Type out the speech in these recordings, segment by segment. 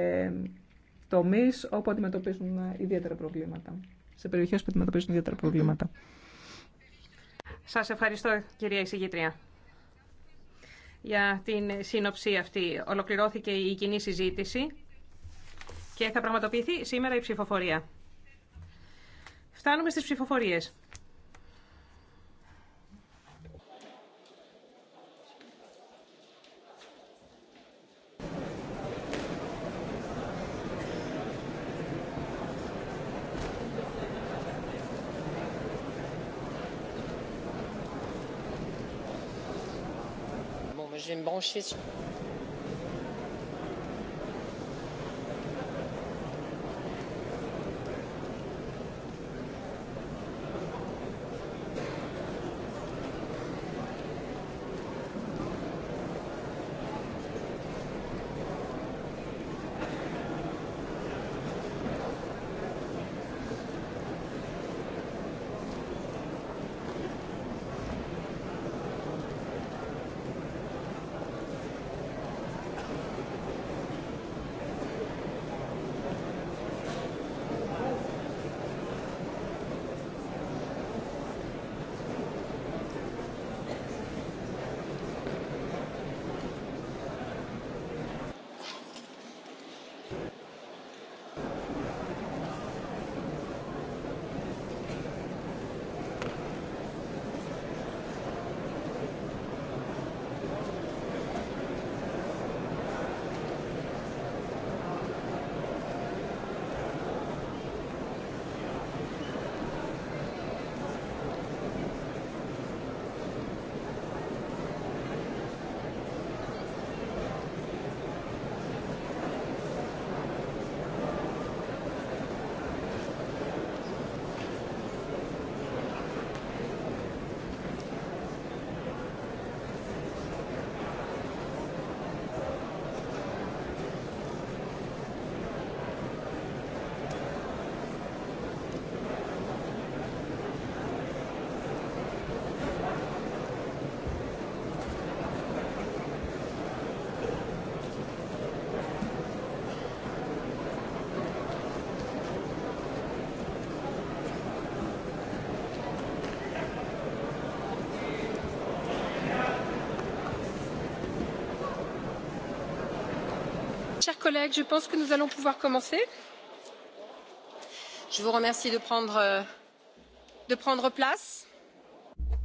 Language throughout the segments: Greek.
Ε, τομείς όπου αντιμετωπίζουν ιδιαίτερα προβλήματα. Σε περιοχέ που αντιμετωπίζουν ιδιαίτερα προβλήματα. Σας ευχαριστώ κυρία εισηγήτρια για την σύνοψη αυτή. Ολοκληρώθηκε η κοινή συζήτηση και θα πραγματοποιηθεί σήμερα η ψηφοφορία. Φτάνουμε στις ψηφοφορίες. branché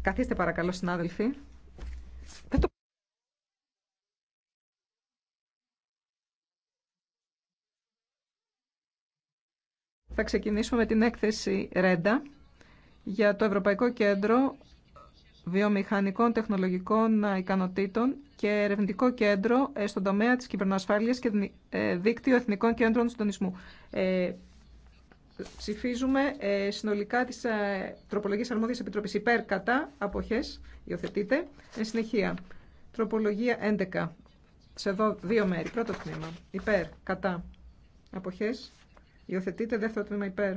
Καθίστε παρακαλώ Θα ξεκινήσουμε με την έκθεση Ρέντα για το Ευρωπαϊκό Κέντρο βιομηχανικών τεχνολογικών ικανοτήτων και ερευνητικό κέντρο ε, στον τομέα της κυβερνοασφάλειας και ε, δίκτυο εθνικών κέντρων συντονισμού. Ε, ψηφίζουμε ε, συνολικά τις ε, τροπολογίες αρμόδιας επιτροπής υπέρ κατά αποχές, υιοθετείτε. συνεχεία, τροπολογία 11, σε εδώ δύο μέρη. Πρώτο τμήμα, υπέρ, κατά, αποχές, υιοθετείτε. Δεύτερο τμήμα, υπέρ,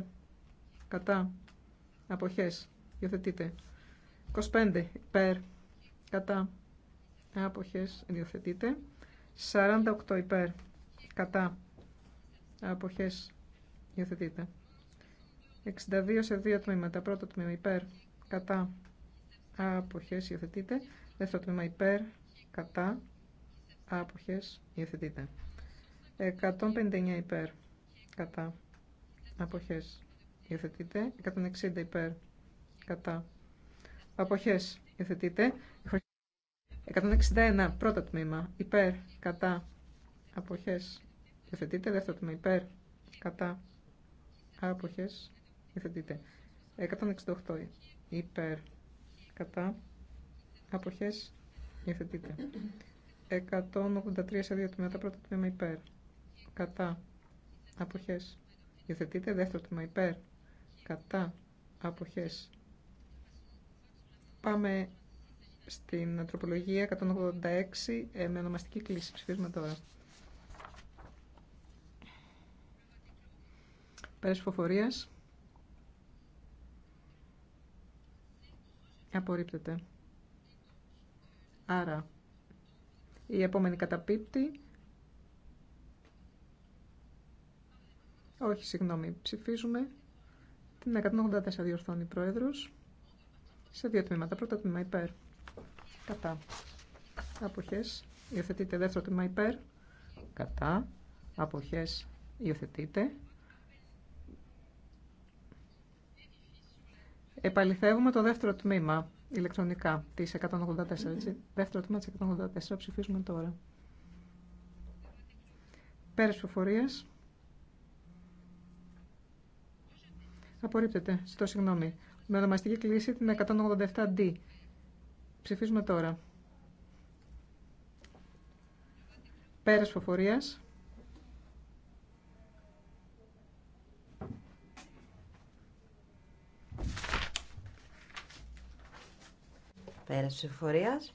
κατά, αποχές, υιοθετείτε. 25 υπέρ κατά άποχες υιοθετείτε. 48 υπέρ κατά άποχες διοθετείται 62 σε δύο τμήματα πρώτο τμήμα υπέρ κατά άποχες υιοθετείτε. δεύτερο τμήμα υπέρ κατά άποχες υιοθετείτε 159 υπέρ κατά αποχές υιοθετείτε 160 υπέρ κατά αποχές υιοθετείται. 161 πρώτο τμήμα υπέρ κατά αποχέ. υιοθετείται. Δεύτερο τμήμα υπέρ κατά άποχέ, υιοθετείται. 168 υπέρ κατά αποχές υιοθετείται. 183 σε δύο τμήματα πρώτο τμήμα υπέρ κατά αποχέ. υιοθετείται. Δεύτερο τμήμα υπέρ κατά Αποχέ. Πάμε στην τροπολογία 186 ε, με ονομαστική κλίση. Ψηφίζουμε τώρα. Πέρας φοφορίας. Απορρίπτεται. Άρα, η επόμενη καταπίπτη. Όχι, συγγνώμη, ψηφίζουμε. Την 184 διορθώνει η Πρόεδρος σε δύο τμήματα. Πρώτο τμήμα υπέρ. Κατά. Αποχές. Υιοθετείτε. Δεύτερο τμήμα υπέρ. Κατά. Αποχές. Υιοθετείτε. Επαληθεύουμε το δεύτερο τμήμα ηλεκτρονικά της 184. Έτσι. Δεύτερο τμήμα της 184 ψηφίζουμε τώρα. Πέρα ψηφοφορία. Απορρίπτεται. Ζητώ συγγνώμη με ονομαστική κλίση την 187D. Ψηφίζουμε τώρα. Πέρας φοφορίας. Πέρας ψηφοφορίας.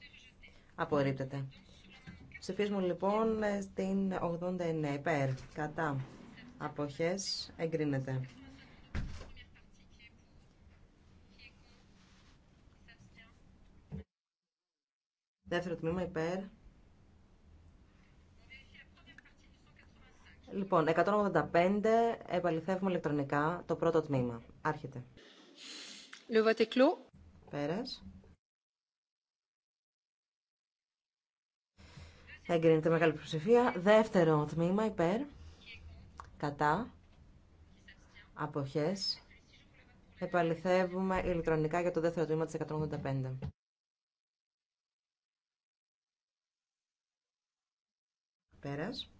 Απορρίπτεται. Ψηφίζουμε λοιπόν ε, στην 89 υπέρ. Κατά. Αποχές εγκρίνεται. Δεύτερο τμήμα υπέρ. Λοιπόν, 185 επαληθεύουμε ηλεκτρονικά το πρώτο τμήμα. Άρχεται. Le vote Πέρας. Εγκρίνεται μεγάλη προσεφία. Δεύτερο τμήμα υπέρ. Κατά. Αποχές. Επαληθεύουμε ηλεκτρονικά για το δεύτερο τμήμα της 185. Πέρας.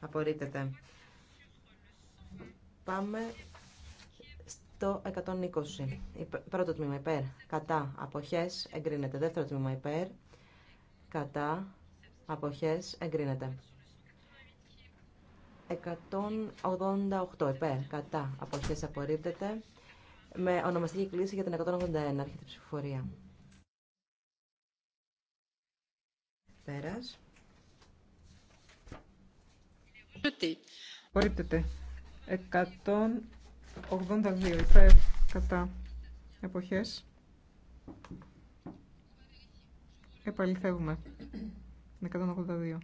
Απορρίπτεται. Πάμε στο 120. Πρώτο τμήμα υπέρ. Κατά. Αποχές. Εγκρίνεται. Δεύτερο τμήμα υπέρ. Κατά. Αποχές. Εγκρίνεται. 188 υπέρ. Κατά. Αποχές. Απορρίπτεται. Με ονομαστική κλίση για την 181. τη ψηφοφορία. Πέρας. Απορρίπτεται. 182 υπέρ κατά εποχές. Επαληθεύουμε. 182.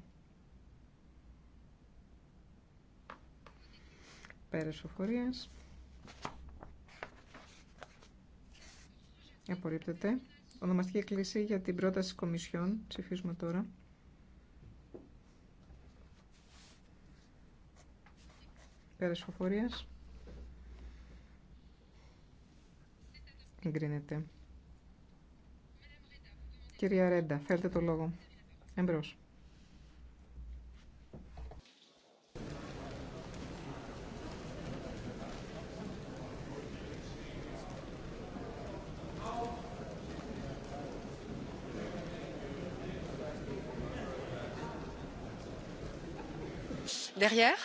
Πέρας οφορίας. Απορρίπτεται. Ονομαστική κλίση για την πρόταση Κομισιόν. Ψηφίζουμε τώρα. Πέρας φοφορίας. Εγκρίνεται. Κυρία Ρέντα, φέρτε το λόγο. Εμπρός. Derrière.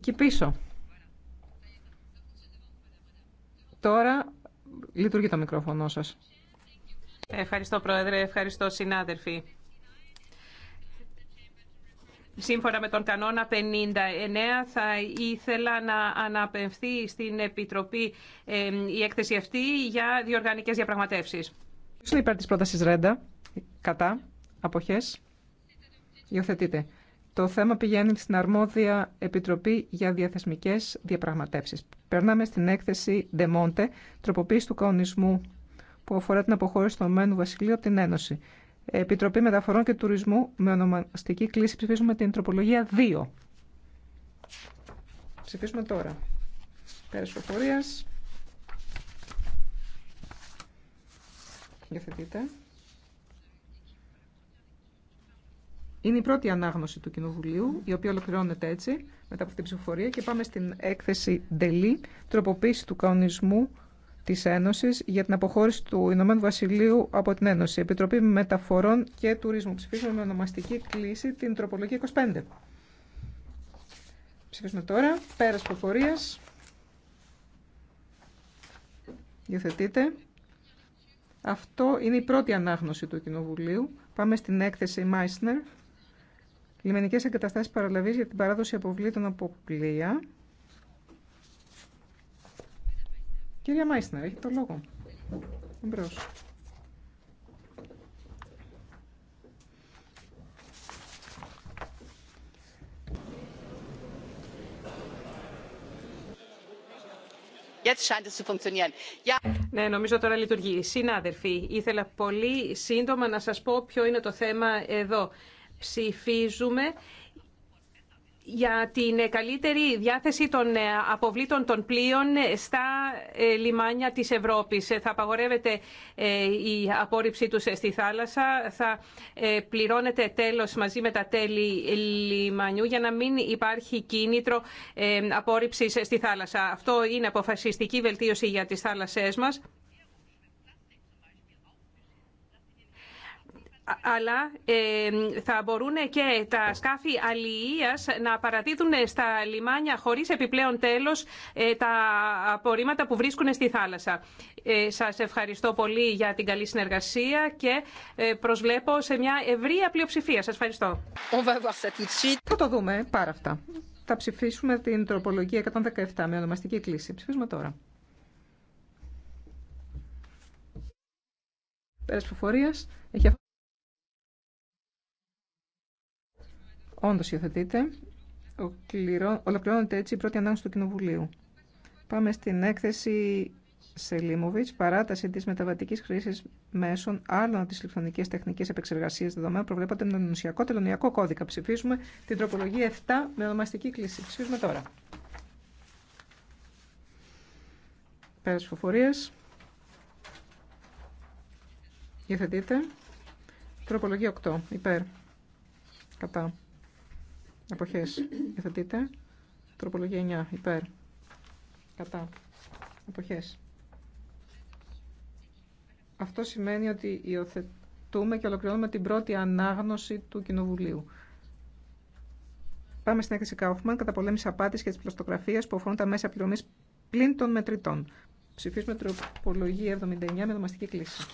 Και πίσω. Τώρα λειτουργεί το μικρόφωνο σας. Ευχαριστώ Πρόεδρε, ευχαριστώ συνάδελφοι. Σύμφωνα με τον κανόνα 59 θα ήθελα να αναπευθεί στην Επιτροπή η έκθεση αυτή για διοργανικές διαπραγματεύσεις. Ποιος είναι υπέρ της πρότασης Ρέντα, κατά, αποχές, υιοθετείτε. Το θέμα πηγαίνει στην αρμόδια Επιτροπή για Διαθεσμικές Διαπραγματεύσεις. Περνάμε στην έκθεση ΔΕΜΟΝΤΕ, τροποποίηση του Καονισμού που αφορά την αποχώρηση του Ομένου Βασιλείου από την Ένωση. Επιτροπή Μεταφορών και Τουρισμού με ονομαστική κλίση ψηφίζουμε την τροπολογία 2. Ψηφίσουμε τώρα. Πέρας προφορίας. Είναι η πρώτη ανάγνωση του Κοινοβουλίου, η οποία ολοκληρώνεται έτσι, μετά από αυτήν την ψηφοφορία, και πάμε στην έκθεση Ντελή, τροποποίηση του Καονισμού τη Ένωση για την αποχώρηση του Ηνωμένου Βασιλείου από την Ένωση. Επιτροπή Μεταφορών και Τουρισμού. Ψηφίζουμε με ονομαστική κλίση την τροπολογία 25. Ψηφίσουμε τώρα. Πέρα ψηφοφορία. Διοθετείτε. Αυτό είναι η πρώτη ανάγνωση του Κοινοβουλίου. Πάμε στην έκθεση Μάισνερ λιμενικές εγκαταστάσεις παραλαβής για την παράδοση αποβλήτων από πλοία. Κυρία Μάισνερ, έχει το λόγο. Εμπρός. Ναι, νομίζω τώρα λειτουργεί. Συνάδελφοι, ήθελα πολύ σύντομα να σας πω ποιο είναι το θέμα εδώ. Ψηφίζουμε για την καλύτερη διάθεση των ε, αποβλήτων των πλοίων ε, στα ε, λιμάνια της Ευρώπης. Θα απαγορεύεται η απόρριψή τους στη θάλασσα, θα πληρώνεται τέλος μαζί με τα τέλη λιμανιού για να μην υπάρχει κίνητρο απόρριψης στη θάλασσα. Αυτό είναι αποφασιστική βελτίωση για τις θάλασσές μας αλλά θα μπορούν και τα σκάφη αλληλείας να παρατήθουν στα λιμάνια χωρίς επιπλέον τέλος ε, τα απορρίμματα που βρίσκουν στη θάλασσα. Ε, σας ευχαριστώ πολύ για την καλή συνεργασία και ε, προσβλέπω σε μια ευρία πλειοψηφία. Σας ευχαριστώ. Θα το δούμε πάρα αυτά. Θα ψηφίσουμε την τροπολογία 117 με ονομαστική κλίση. Ψηφίσουμε τώρα. Πέρας Όντω υιοθετείται. Ολοκληρώνεται έτσι η πρώτη ανάγνωση του Κοινοβουλίου. Πάμε στην έκθεση Σελίμοβιτ, παράταση τη μεταβατική χρήση μέσων άλλων τη ηλεκτρονική τεχνική επεξεργασία δεδομένων προβλέπονται με τον ενωσιακό τελωνιακό κώδικα. Ψηφίζουμε την τροπολογία 7 με ονομαστική κλίση. Ψηφίζουμε τώρα. Πέρα φοφορία. Υιοθετείτε. Τροπολογία 8. Υπέρ. Κατά. Αποχές. Υιοθετείτε. Τροπολογία 9. Υπέρ. Κατά. Αποχές. Αυτό σημαίνει ότι υιοθετούμε και ολοκληρώνουμε την πρώτη ανάγνωση του Κοινοβουλίου. Πάμε στην έκθεση Κάουφμαν, κατά πολέμηση απάτη και τη πλωστογραφία που αφορούν τα μέσα πληρωμή πλην των μετρητών. Ψηφίσουμε τροπολογία 79 με δομαστική κλίση.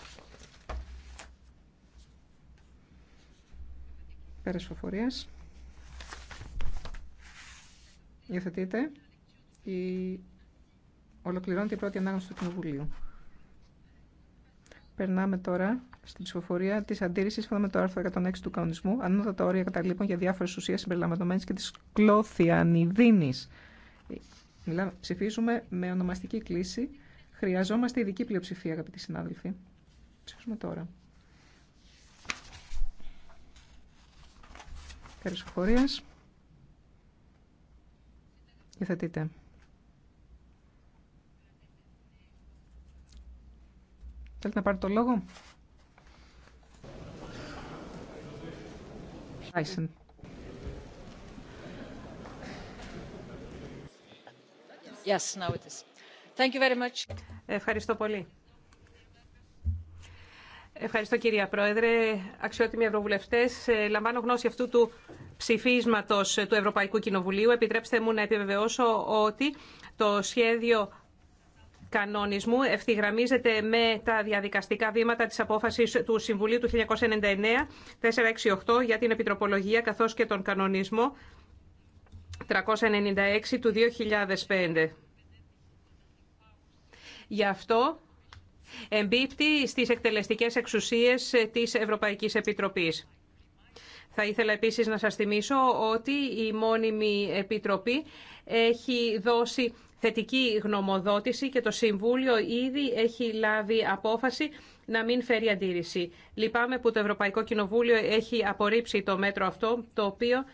Πέρα φοφορίας. Υιοθετείται η... Ολοκληρώνεται η πρώτη ανάγνωση του Κοινοβουλίου. Περνάμε τώρα στην ψηφοφορία τη αντίρρηση σύμφωνα με το άρθρο 106 του κανονισμού. Ανώτατα όρια καταλήπων για διάφορε ουσίε συμπεριλαμβανομένε και τη κλώθιανιδίνη. Ψηφίζουμε με ονομαστική κλίση. Χρειαζόμαστε ειδική πλειοψηφία, αγαπητοί συνάδελφοι. Ψηφίζουμε τώρα. Πέρα Υιοθετείτε. Θέλετε να πάρετε το λόγο. Yes, now it is. Thank you very much. Ευχαριστώ πολύ. Ευχαριστώ κυρία Πρόεδρε. Αξιότιμοι Ευρωβουλευτές, ε, λαμβάνω γνώση αυτού του ψηφίσματο του Ευρωπαϊκού Κοινοβουλίου. Επιτρέψτε μου να επιβεβαιώσω ότι το σχέδιο κανονισμού ευθυγραμμίζεται με τα διαδικαστικά βήματα της απόφασης του Συμβουλίου του 1999-468 για την Επιτροπολογία καθώς και τον κανονισμό 396 του 2005. Γι' αυτό εμπίπτει στις εκτελεστικές εξουσίες της Ευρωπαϊκής Επιτροπής. Θα ήθελα επίσης να σας θυμίσω ότι η μόνιμη επιτροπή έχει δώσει θετική γνωμοδότηση και το Συμβούλιο ήδη έχει λάβει απόφαση να μην φέρει αντίρρηση. Λυπάμαι που το Ευρωπαϊκό Κοινοβούλιο έχει απορρίψει το μέτρο αυτό, το οποίο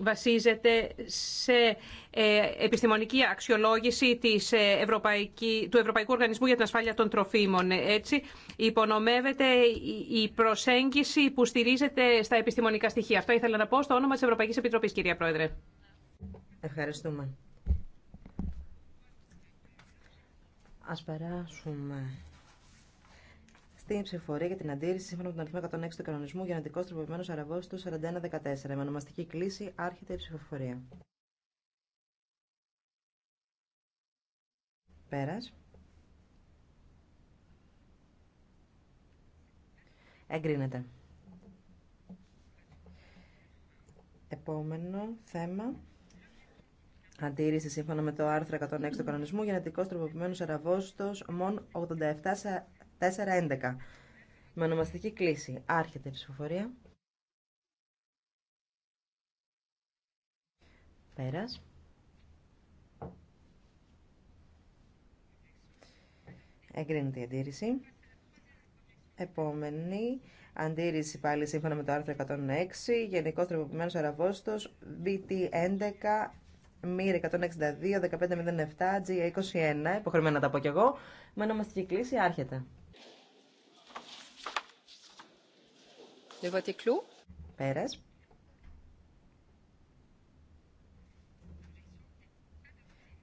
βασίζεται σε ε, επιστημονική αξιολόγηση της ε, Ευρωπαϊκή, του Ευρωπαϊκού Οργανισμού για την Ασφάλεια των Τροφίμων. Έτσι, υπονομεύεται η προσέγγιση που στηρίζεται στα επιστημονικά στοιχεία. Αυτό ήθελα να πω στο όνομα της Ευρωπαϊκής Επιτροπής, κυρία Πρόεδρε. Ευχαριστούμε. Ας περάσουμε στην ψηφορία για την αντίρρηση σύμφωνα με τον αριθμό 106 του κανονισμού για γενετικό τροποποιημένο αραβό του 4114. Με ονομαστική κλίση άρχεται η ψηφοφορία. Πέρα. Εγκρίνεται. Επόμενο θέμα. Αντίρρηση σύμφωνα με το άρθρο 106 του κανονισμού για γενετικό τροποποιημένο αραβόστο μον 87 4-11. Με ονομαστική κλίση. Άρχεται η ψηφοφορία. Πέρας. Εγκρίνεται η αντίρρηση. Επόμενη αντίρρηση πάλι σύμφωνα με το άρθρο 106. Γενικό τροποποιημένο αραβόστο BT11 ΜΥΡ 162 1507 G21. Υποχρεωμένα να τα πω κι εγώ. Με ονομαστική κλίση άρχεται.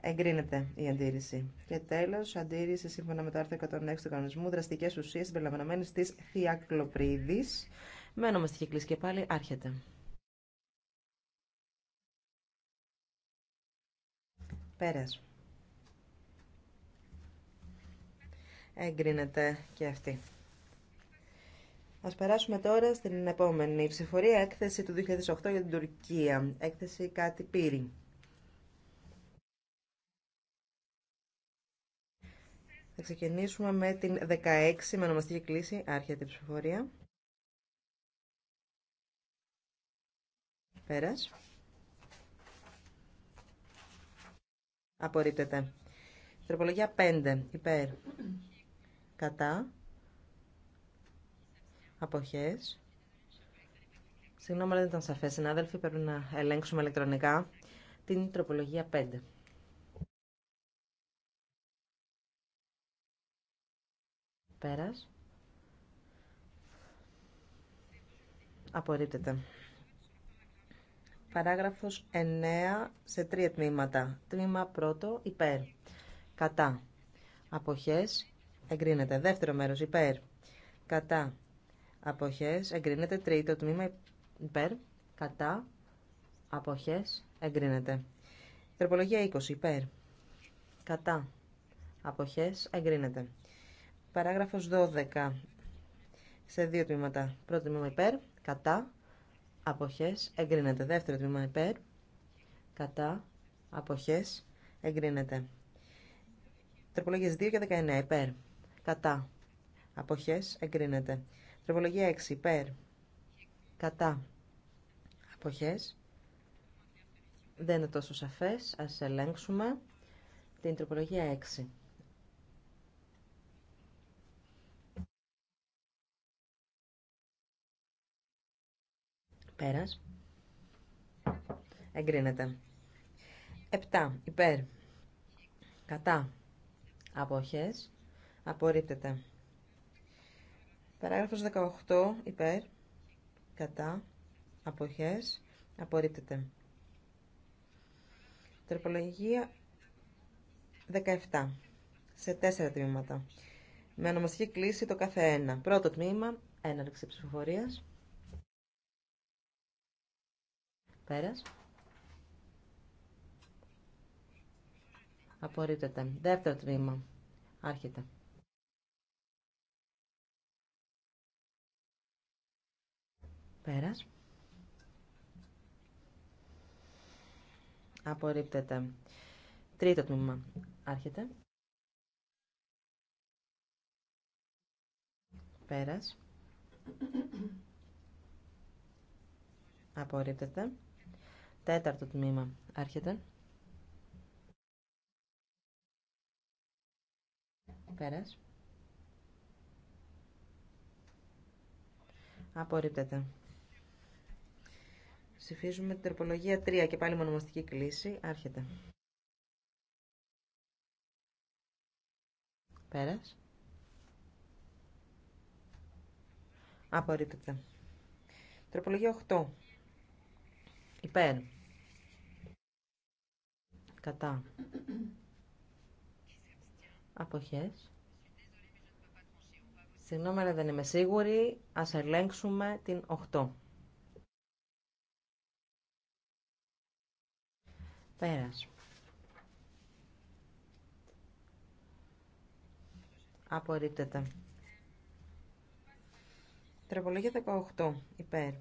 Εγκρίνεται η αντίρρηση. Και τέλο, αντίρρηση σύμφωνα με το άρθρο 106 του κανονισμού, δραστικέ ουσίε συμπεριλαμβανομένε τη θιακλοπρίδη. Με στη και πάλι άρχεται. Πέρα. Εγκρίνεται και αυτή. Α περάσουμε τώρα στην επόμενη ψηφορία έκθεση του 2008 για την Τουρκία. Έκθεση κάτι πύρη. Θα ξεκινήσουμε με την 16 με ονομαστική κλίση, άρχεται η ψηφορία. Πέρας. Απορρίπτεται. Τροπολογία 5. Υπέρ. Κατά. Αποχές. Συγγνώμη, δεν ήταν σαφέ, συνάδελφοι. Πρέπει να ελέγξουμε ηλεκτρονικά την τροπολογία 5. Πέρας. Απορρίπτεται. Παράγραφος 9 σε τρία τμήματα. Τμήμα πρώτο υπέρ. Κατά. Αποχές εγκρίνεται. Δεύτερο μέρος υπέρ. Κατά αποχές εγκρίνεται. Τρίτο τμήμα υπέρ, κατά, αποχές εγκρίνεται. Τροπολογία 20 υπέρ, κατά, αποχές εγκρίνεται. Παράγραφος 12 σε δύο τμήματα. Πρώτο τμήμα υπέρ, κατά, αποχές εγκρίνεται. Δεύτερο τμήμα υπέρ, κατά, αποχές εγκρίνεται. Τροπολογίες 2 και 19 υπέρ, κατά, αποχές εγκρίνεται. Τροπολογία 6 υπέρ. Κατά. Αποχές. Δεν είναι τόσο σαφές. Ας ελέγξουμε την τροπολογία 6. Πέρας. Εγκρίνεται. 7. Υπέρ. Κατά. Αποχές. Απορρίπτεται. Παράγραφος 18 υπέρ, κατά, αποχές, απορρίπτεται. Τροπολογία 17 σε τέσσερα τμήματα. Με ονομαστική κλίση το κάθε ένα. Πρώτο τμήμα, έναρξη ψηφοφορίας. Πέρας. Απορρίπτεται. Δεύτερο τμήμα. Άρχεται. Πέρας. Απορρίπτεται. Τρίτο τμήμα. Άρχεται. Πέρας. Απορρίπτεται. Τέταρτο τμήμα. Άρχεται. Πέρας. Απορρίπτεται. Ψηφίζουμε την τροπολογία 3 και πάλι μονομαστική κλίση. Άρχεται. Πέρας. Απορρίπτεται. Τροπολογία 8. Υπέρ. Κατά. Αποχές. Συγγνώμη, δεν είμαι σίγουρη. Ας ελέγξουμε την 8. Πέρας. Απορρίπτεται. Τροπολογία 18. Υπέρ.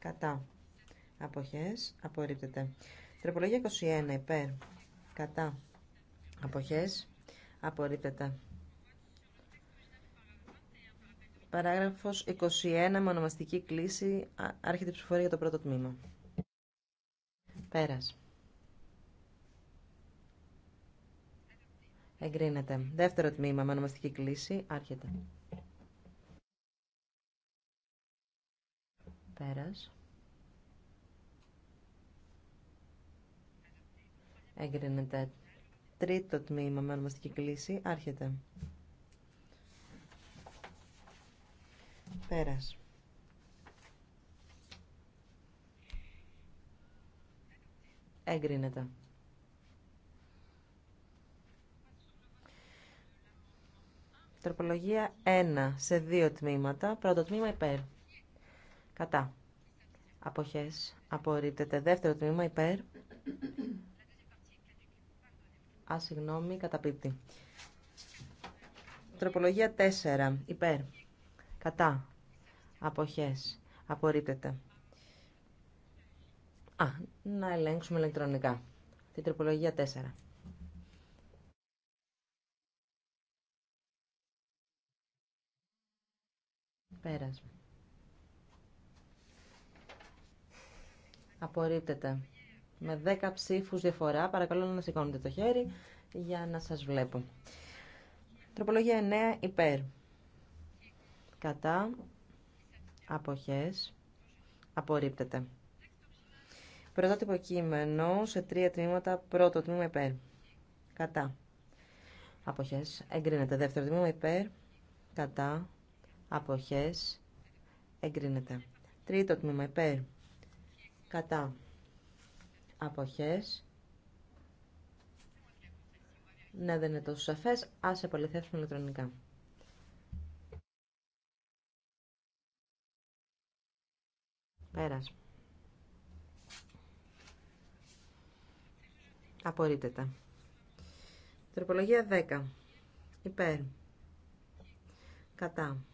Κατά. Αποχές. Απορρίπτεται. Τροπολογία 21. Υπέρ. Κατά. Αποχές. Απορρίπτεται. Παράγραφος 21 με ονομαστική κλίση άρχεται η ψηφορία για το πρώτο τμήμα. Πέρας. Εγκρίνεται. Δεύτερο τμήμα με ονομαστική κλίση. Άρχεται. Πέρας. Εγκρίνεται. Τρίτο τμήμα με ονομαστική κλίση. Άρχεται. Πέρας. Εγκρίνεται. Τροπολογία 1 σε δύο τμήματα. Πρώτο τμήμα υπέρ. Κατά. Αποχές. Απορρίπτεται. Δεύτερο τμήμα υπέρ. Α, συγγνώμη, καταπίπτει. Τροπολογία 4. Υπέρ. Κατά. Αποχές. Απορρίπτεται. Α, να ελέγξουμε ηλεκτρονικά. Την τροπολογία 4. πέρασμα. Απορρίπτεται. Με 10 ψήφους διαφορά. Παρακαλώ να σηκώνετε το χέρι για να σας βλέπω. Τροπολογία 9 υπέρ. Κατά. Αποχές. Απορρίπτεται. Πρωτότυπο κείμενο σε τρία τμήματα. Πρώτο τμήμα υπέρ. Κατά. Αποχές. Εγκρίνεται. Δεύτερο τμήμα υπέρ. Κατά αποχές εγκρίνεται. Τρίτο τμήμα υπέρ κατά αποχές ναι, δεν είναι τόσο σαφές. Ας επαληθεύσουμε ηλεκτρονικά. Πέρας. Απορρίπτεται. Τροπολογία 10. Υπέρ. Κατά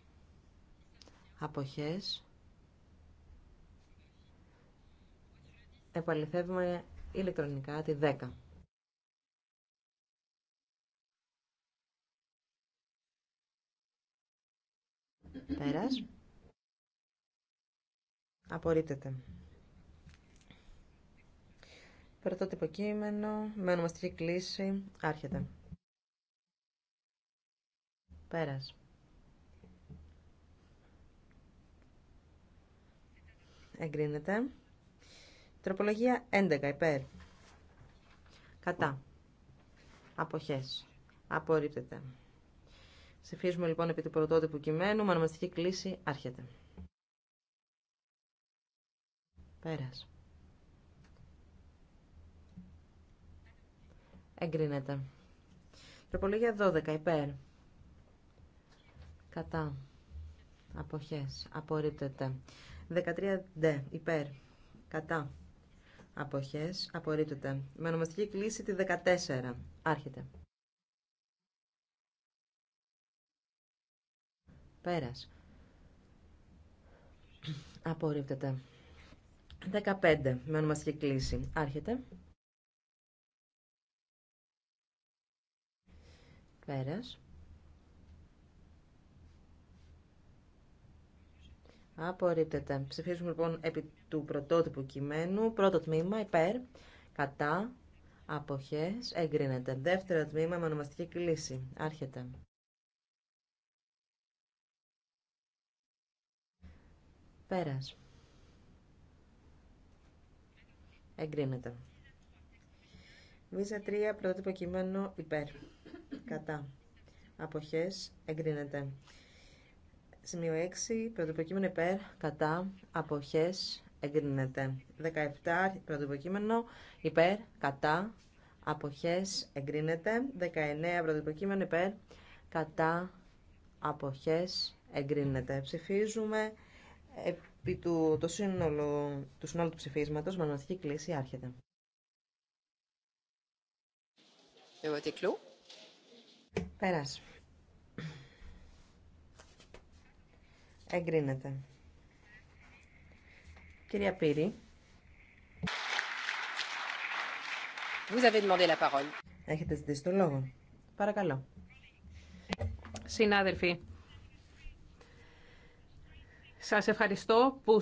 αποχές επαληθεύουμε ηλεκτρονικά τη 10. Πέρας. Απορρίπτεται. Πρωτότυπο κείμενο, Μένουμε στη κλίση, άρχεται. Πέρας. εγκρίνεται. Τροπολογία 11 υπέρ. Κατά. Αποχές. Απορρίπτεται. Ψηφίζουμε λοιπόν επί του πρωτότυπου κειμένου. Μανομαστική κλίση άρχεται. Πέρας. Εγκρίνεται. Τροπολογία 12 υπέρ. Κατά. Αποχές. Απορρίπτεται. 13D. Υπέρ. Κατά. Αποχές. Απορρίπτεται. Με ονομαστική κλίση τη 14. Άρχεται. Πέρας. Απορρίπτεται. 15. Με ονομαστική κλίση. Άρχεται. Πέρας. Απορρίπτεται. Ψηφίζουμε λοιπόν επί του πρωτότυπου κειμένου. Πρώτο τμήμα υπέρ, κατά, αποχές, εγκρίνεται. Δεύτερο τμήμα με ονομαστική κλίση. Άρχεται. Πέρας. Εγκρίνεται. Βίζα 3, πρωτότυπο κειμένο υπέρ, κατά, αποχές, εγκρίνεται. Σημείο 6. Πρωτοποκείμενο υπέρ, κατά, αποχές, εγκρίνεται. 17. Πρωτοποκείμενο υπέρ, κατά, αποχές, εγκρίνεται. 19. Πρωτοποκείμενο υπέρ, κατά, αποχές, εγκρίνεται. Ψηφίζουμε επί του, το σύνολο, του συνόλου του ψηφίσματος με κλίση άρχεται. Πέρασε. Εγκρίνεται. Κυρία Πύρη. Vous avez demandé la parole. Έχετε ζητήσει το λόγο. Παρακαλώ. Συνάδελφοι, σας ευχαριστώ που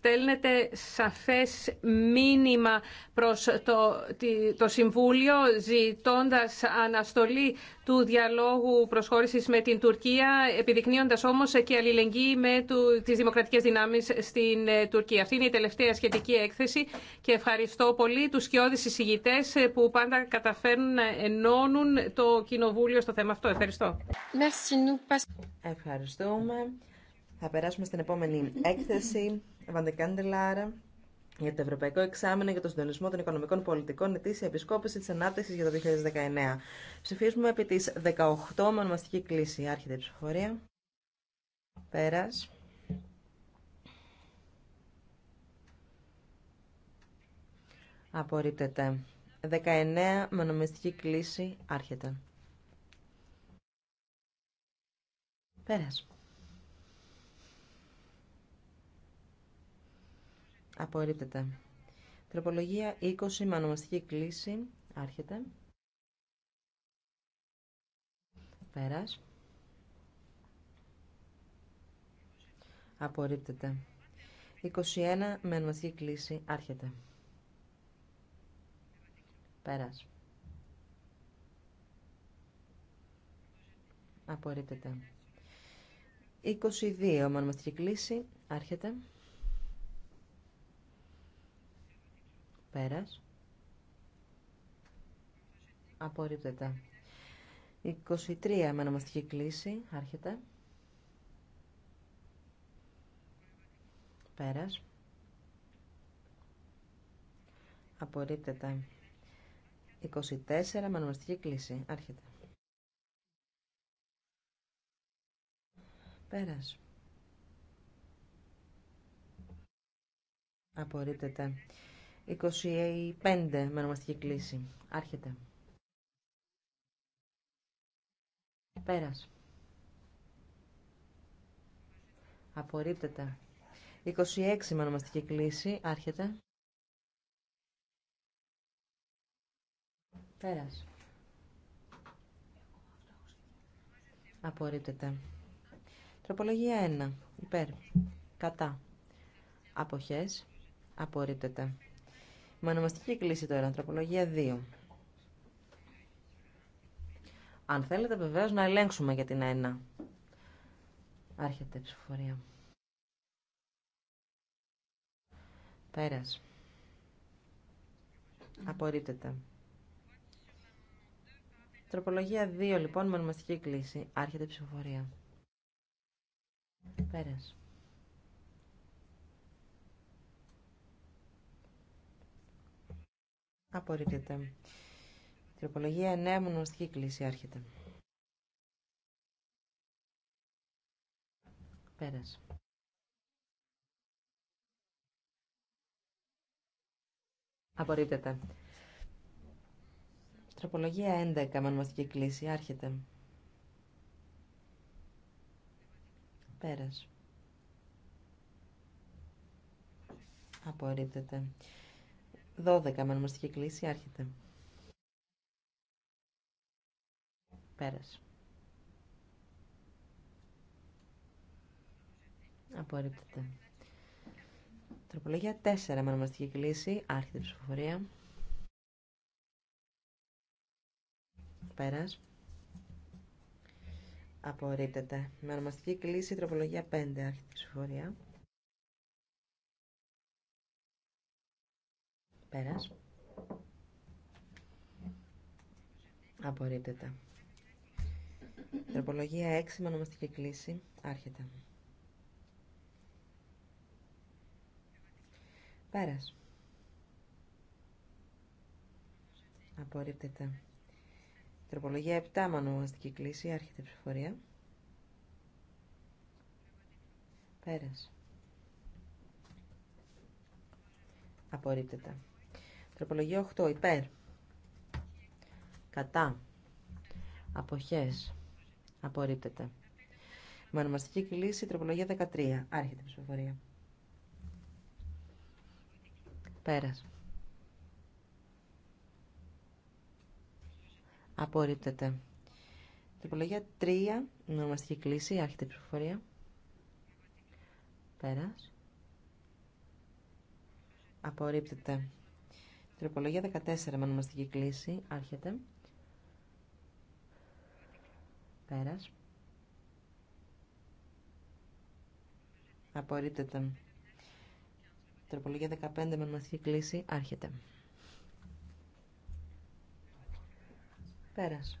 στέλνετε σαφές μήνυμα προς το, το Συμβούλιο ζητώντας αναστολή του διαλόγου προσχώρησης με την Τουρκία επιδεικνύοντας όμως και αλληλεγγύη με του, τις δημοκρατικές δυνάμεις στην ε, Τουρκία. Αυτή είναι η τελευταία σχετική έκθεση και ευχαριστώ πολύ τους σκιώδεις εισηγητές ε, που πάντα καταφέρνουν να ενώνουν το Κοινοβούλιο στο θέμα αυτό. Ευχαριστώ. Ευχαριστούμε. Θα περάσουμε στην επόμενη έκθεση. Βαντεκάντελάρα για το Ευρωπαϊκό Εξάμεινο για τον Συντονισμό των Οικονομικών Πολιτικών ετήσια Επισκόπηση τη Ανάπτυξη για το 2019. Ψηφίσουμε επί τη 18 με ονομαστική κλίση. Άρχεται η ψηφοφορία. Πέρα. Απορρίπτεται. 19 με ονομαστική κλίση. Άρχεται. Πέρας. Απορρίπτεται. Τροπολογία 20 με κλίση. Άρχεται. Πέρας. Απορρίπτεται. 21 με κλίση. Άρχεται. Πέρας. Απορρίπτεται. 22 με κλίση. Άρχεται. Πέρας. Απορρίπτεται. 23 με ονομαστική κλίση. Άρχεται. Πέρας. Απορρίπτεται. 24 με ονομαστική κλίση. Άρχεται. Πέρας. Απορρίπτεται. 25 με ονομαστική κλίση. Άρχεται. Πέρας. Απορρίπτεται. 26 με ονομαστική κλίση. Άρχεται. Πέρας. Απορρίπτεται. Τροπολογία 1. Υπέρ. Κατά. Αποχές. Απορρίπτεται. Με ονομαστική κλίση τώρα, τροπολογία 2. Αν θέλετε βεβαίω να ελέγξουμε για την 1. Άρχεται η ψηφοφορία. Πέρας. Απορρίπτεται. Τροπολογία 2, λοιπόν, με ονομαστική κλίση. Άρχεται η ψηφοφορία. Πέρας. Απορρίπτεται. Τροπολογία 9, μονομαστική κλίση, άρχεται. Πέρας. Απορρίπτεται. Τροπολογία 11, μονομαστική κλίση, άρχεται. Πέρας. Απορρίπτεται. 12 με ονομαστική κλίση άρχεται. Πέρασε. Απορρίπτεται. Τροπολογία 4 με ονομαστική κλίση άρχεται η ψηφοφορία. Πέρας. Απορρίπτεται. Με ονομαστική κλίση τροπολογία 5 άρχεται η ψηφοφορία. Πέρας. Απορρίπτεται. Τροπολογία 6 με ονομαστική κλίση. Άρχεται. Πέρας. Απορρίπτεται. Τροπολογία 7 με ονομαστική κλίση. Άρχεται η ψηφορία. Πέρας. Απορρίπτεται. Τροπολογία 8 υπέρ. Κατά. Αποχές. Απορρίπτεται. Με ονομαστική κλίση τροπολογία 13. Άρχεται η ψηφοφορία. Πέρας. Απορρίπτεται. Τροπολογία 3. Με ονομαστική κλίση. Άρχεται η ψηφοφορία. Πέρας. Απορρίπτεται. Τροπολογία 14 με ονομαστική κλίση. Άρχεται. Πέρας. Απορρίπτεται. Τροπολογία 15 με ονομαστική κλίση. Άρχεται. Πέρας.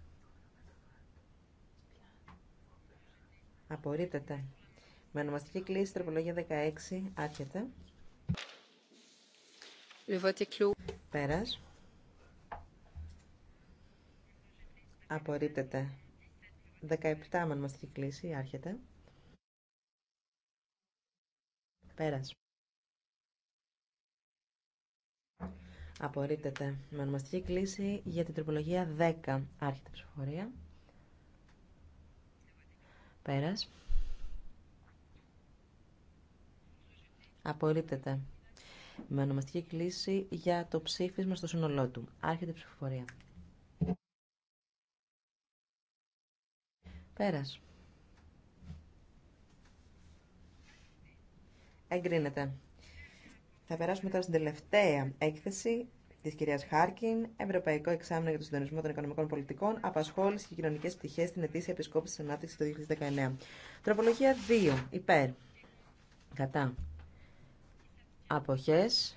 Απορρίπτεται. Με ονομαστική κλίση τροπολογία 16 άρχεται. Le vote Πέρας. Απορρίπτεται. 17 με ονομαστική κλίση. Άρχεται. Πέρας. Απορρίπτεται. Με ονομαστική κλίση για την τροπολογία 10. Άρχεται η ψηφοφορία. Πέρας. Απορρίπτεται με ονομαστική κλίση για το ψήφισμα στο σύνολό του. Άρχεται η ψηφοφορία. Πέρας. Εγκρίνεται. Θα περάσουμε τώρα στην τελευταία έκθεση της κυρίας Χάρκιν, Ευρωπαϊκό Εξάμεινο για τον Συντονισμό των Οικονομικών Πολιτικών, Απασχόληση και Κοινωνικέ Πτυχέ στην Ετήσια Επισκόπηση της Ανάπτυξη του 2019. Τροπολογία 2. Υπέρ. Κατά αποχές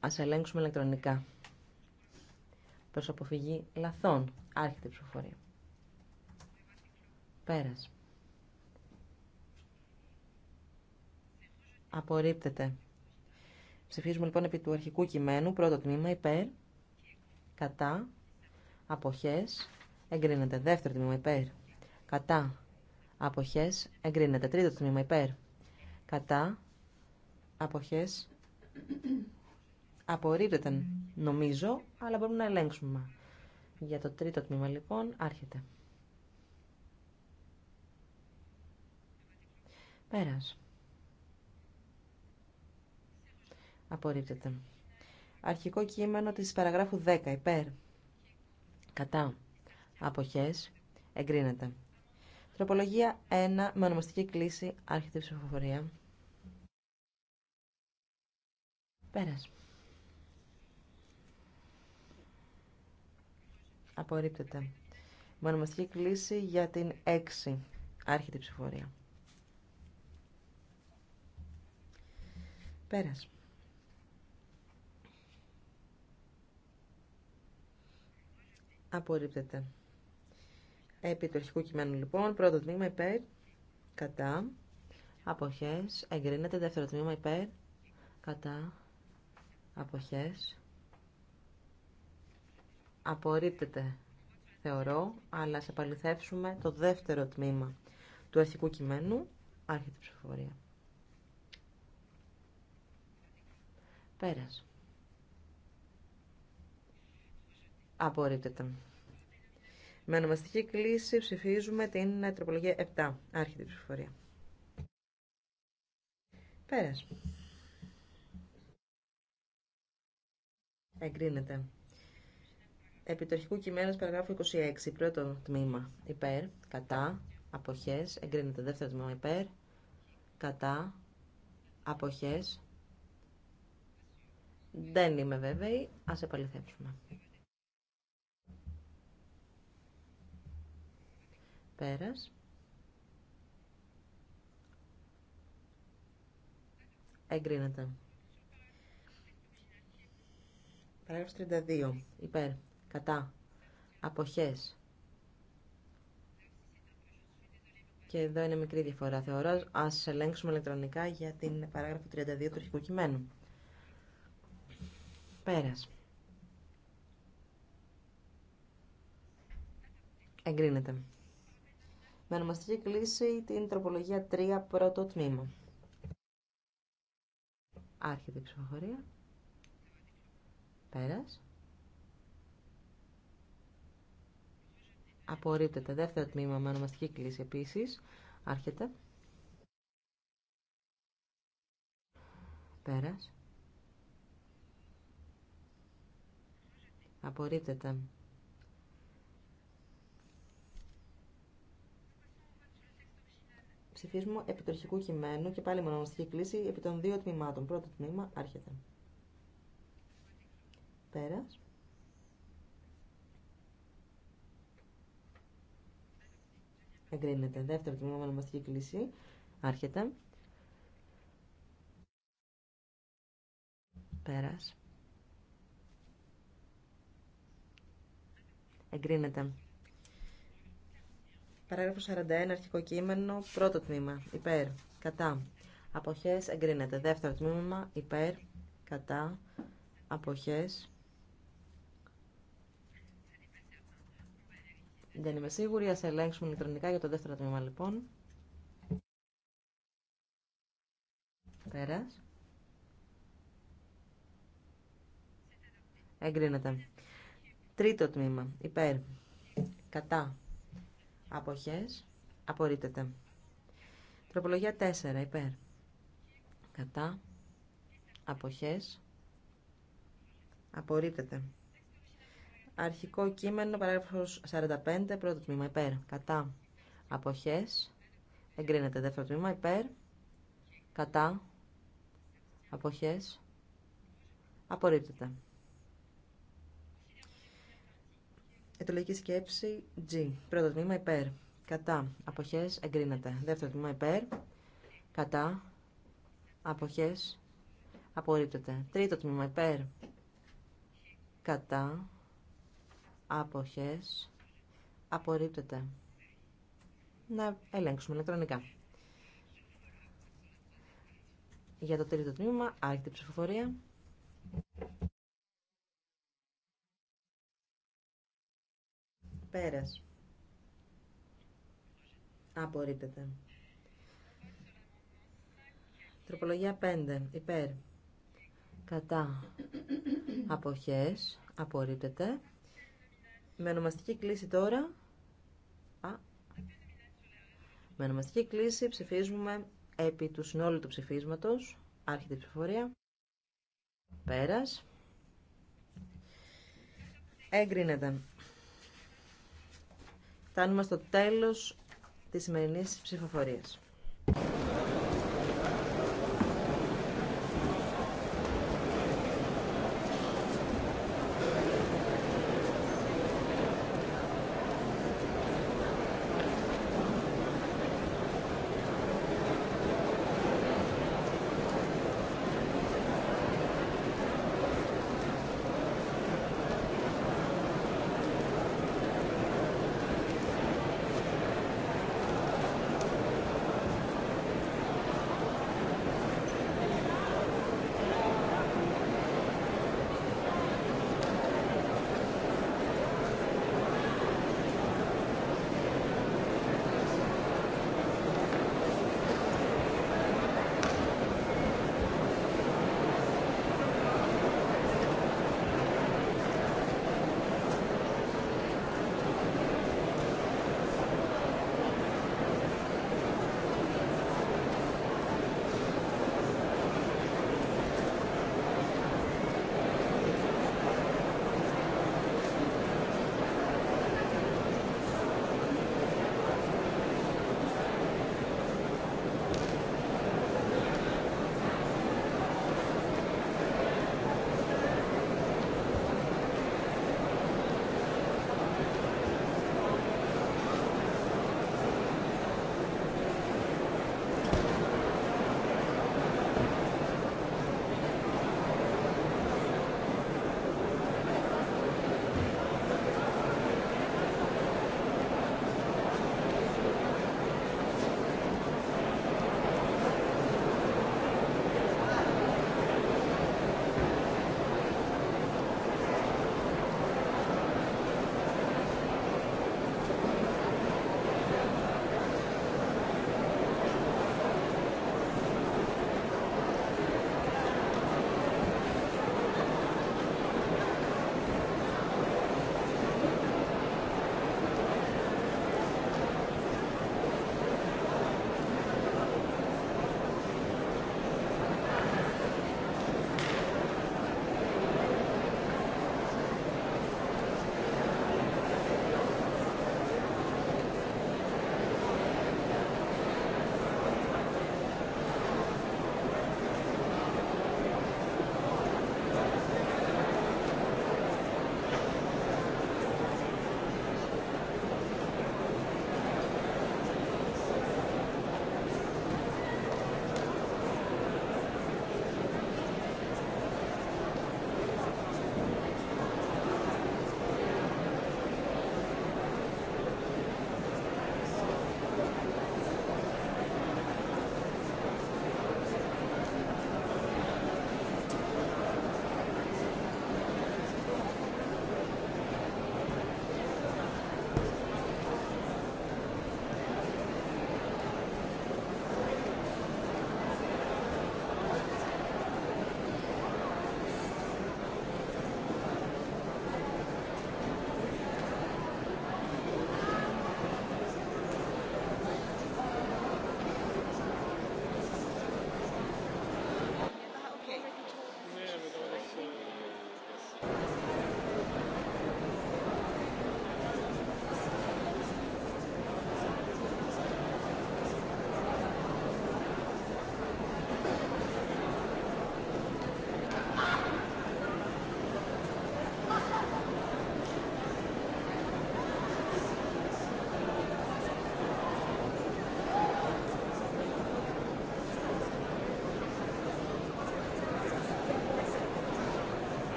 ας ελέγξουμε ηλεκτρονικά προς αποφυγή λαθών άρχεται η ψηφοφορία πέρας απορρίπτεται ψηφίζουμε λοιπόν επί του αρχικού κειμένου πρώτο τμήμα υπέρ κατά αποχές εγκρίνεται δεύτερο τμήμα υπέρ κατά αποχές εγκρίνεται τρίτο τμήμα υπέρ κατά αποχές απορρίπτεται νομίζω, αλλά μπορούμε να ελέγξουμε. Για το τρίτο τμήμα λοιπόν άρχεται. Πέρας. Απορρίπτεται. Αρχικό κείμενο της παραγράφου 10 υπέρ. Κατά. Αποχές. Εγκρίνεται. Τροπολογία 1 με ονομαστική κλίση άρχεται η ψηφοφορία. Πέρας. Απορρίπτεται. Μονομαστική κλίση για την 6. Άρχεται η ψηφορία. Πέρας. Απορρίπτεται. Επί του αρχικού κειμένου λοιπόν, πρώτο τμήμα υπέρ, κατά, αποχές, εγκρίνεται, δεύτερο τμήμα υπέρ, κατά, αποχές απορρίπτεται θεωρώ αλλά σε παληθεύσουμε το δεύτερο τμήμα του αρχικού κειμένου άρχεται ψηφοφορία πέρας απορρίπτεται με ονομαστική κλίση ψηφίζουμε την τροπολογία 7 άρχεται ψηφοφορία πέρας εγκρίνεται. Επί κειμένου παραγράφου 26, πρώτο τμήμα υπέρ, κατά, αποχές, εγκρίνεται. Δεύτερο τμήμα υπέρ, κατά, αποχές. Δεν είμαι βέβαιη, ας επαληθεύσουμε. Πέρας. Εγκρίνεται. Παράγραφος 32. Υπέρ. Κατά. Αποχές. Και εδώ είναι μικρή διαφορά, θεωρώ. Ας ελέγξουμε ηλεκτρονικά για την παράγραφο 32 του αρχικού κειμένου. Πέρας. Εγκρίνεται. Με ονομαστική κλίση την τροπολογία 3 πρώτο τμήμα. Άρχεται η ψηφοφορία. Πέρας. Απορρίπτεται. Δεύτερο τμήμα με ονομαστική κλίση επίσης. Άρχεται. Πέρας. Απορρίπτεται. Ψηφίσμου επιτροχικού κειμένου και πάλι με ονομαστική κλίση επί των δύο τμήματων. Πρώτο τμήμα άρχεται. Πέρας. Εγκρίνεται. Δεύτερο τμήμα με ονομαστική κλίση. Άρχεται. Πέρας. Εγκρίνεται. Παράγραφο 41, αρχικό κείμενο, πρώτο τμήμα, υπέρ, κατά. Αποχές εγκρίνεται. Δεύτερο τμήμα, υπέρ, κατά. Αποχές Δεν είμαι σίγουρη. Ας ελέγξουμε ηλεκτρονικά για το δεύτερο τμήμα, λοιπόν. Πέρας. Εγκρίνεται. Τρίτο τμήμα. Υπέρ. Κατά. Αποχές. Απορρίπτεται. Τροπολογία 4. Υπέρ. Κατά. Αποχές. Απορρίπτεται αρχικό κείμενο, παράγραφος 45, πρώτο τμήμα, υπέρ, κατά, αποχές, εγκρίνεται, δεύτερο τμήμα, υπέρ, κατά, αποχές, απορρίπτεται. Ετολογική σκέψη G. Πρώτο τμήμα υπέρ. Κατά. Αποχές εγκρίνεται. Δεύτερο τμήμα υπέρ. Κατά. Αποχές απορρίπτεται. Τρίτο τμήμα υπέρ. Κατά αποχές απορρίπτεται. Να ελέγξουμε ηλεκτρονικά. Για το τρίτο τμήμα, άρχιτη ψηφοφορία. Πέρας. Απορρίπτεται. Τροπολογία 5. Υπέρ. Κατά. Αποχές. Απορρίπτεται. Με ονομαστική κλίση τώρα. Α. Με κλίση ψηφίζουμε επί του συνόλου του ψηφίσματος. Άρχεται η ψηφοφορία. Πέρας. Έγκρινεται. Φτάνουμε στο τέλος της σημερινής ψηφοφορίας.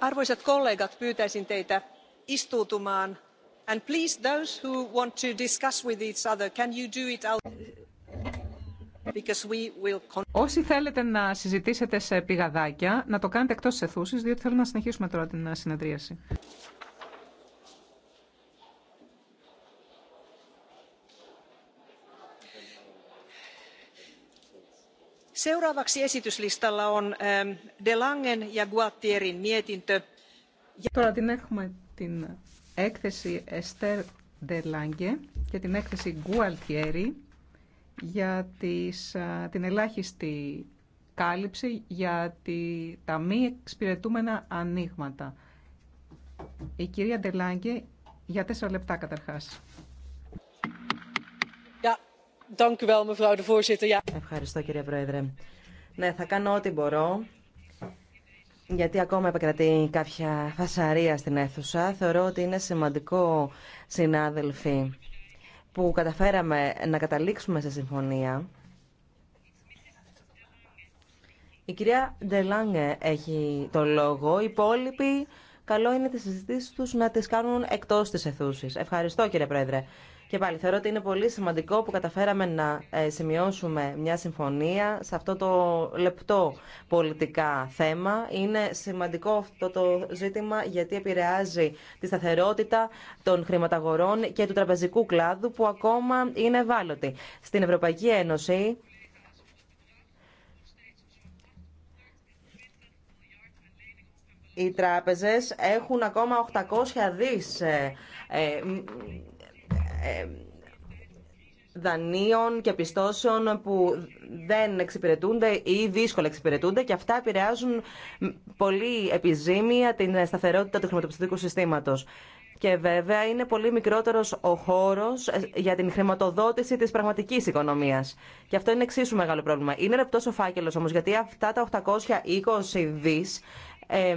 arvoisat kollegat pyytäisin teitä istuutumaan and please those who want to discuss with each other can you do it out? Όσοι θέλετε να συζητήσετε σε πηγαδάκια, να το κάνετε εκτός της αιθούσης, διότι θέλω να συνεχίσουμε τώρα την ε, συνεδρίαση. esityslistalla on ähm, De ja Guattierin mietintö. Τώρα την έχουμε την έκθεση Esther De Lange και την έκθεση Γκουαλτιέρη για τις, την ελάχιστη κάλυψη για τη, τα μη εξυπηρετούμενα ανοίγματα. Η κυρία Ντελάγκη, για τέσσερα λεπτά καταρχάς. Ευχαριστώ κύριε Πρόεδρε. Ναι, θα κάνω ό,τι μπορώ. Γιατί ακόμα επικρατεί κάποια φασαρία στην αίθουσα. Θεωρώ ότι είναι σημαντικό, συνάδελφοι, που καταφέραμε να καταλήξουμε σε συμφωνία. Η κυρία Ντελάνγκε έχει το λόγο. Οι υπόλοιποι καλό είναι τις συζητήσεις τους να τις κάνουν εκτός της αιθούσης. Ευχαριστώ κύριε Πρόεδρε. Και πάλι θεωρώ ότι είναι πολύ σημαντικό που καταφέραμε να ε, σημειώσουμε μια συμφωνία σε αυτό το λεπτό πολιτικά θέμα. Είναι σημαντικό αυτό το ζήτημα γιατί επηρεάζει τη σταθερότητα των χρηματαγορών και του τραπεζικού κλάδου που ακόμα είναι ευάλωτη. Στην Ευρωπαϊκή Ένωση οι τράπεζες έχουν ακόμα 800 δις ε, ε, ε, δανείων και πιστώσεων που δεν εξυπηρετούνται ή δύσκολα εξυπηρετούνται και αυτά επηρεάζουν πολύ επιζήμια την σταθερότητα του χρηματοπιστωτικού συστήματος. Και βέβαια είναι πολύ μικρότερος ο χώρος ε, για την χρηματοδότηση της πραγματικής οικονομίας. Και αυτό είναι εξίσου μεγάλο πρόβλημα. Είναι λεπτός ο φάκελος όμως, γιατί αυτά τα 820 δις ε,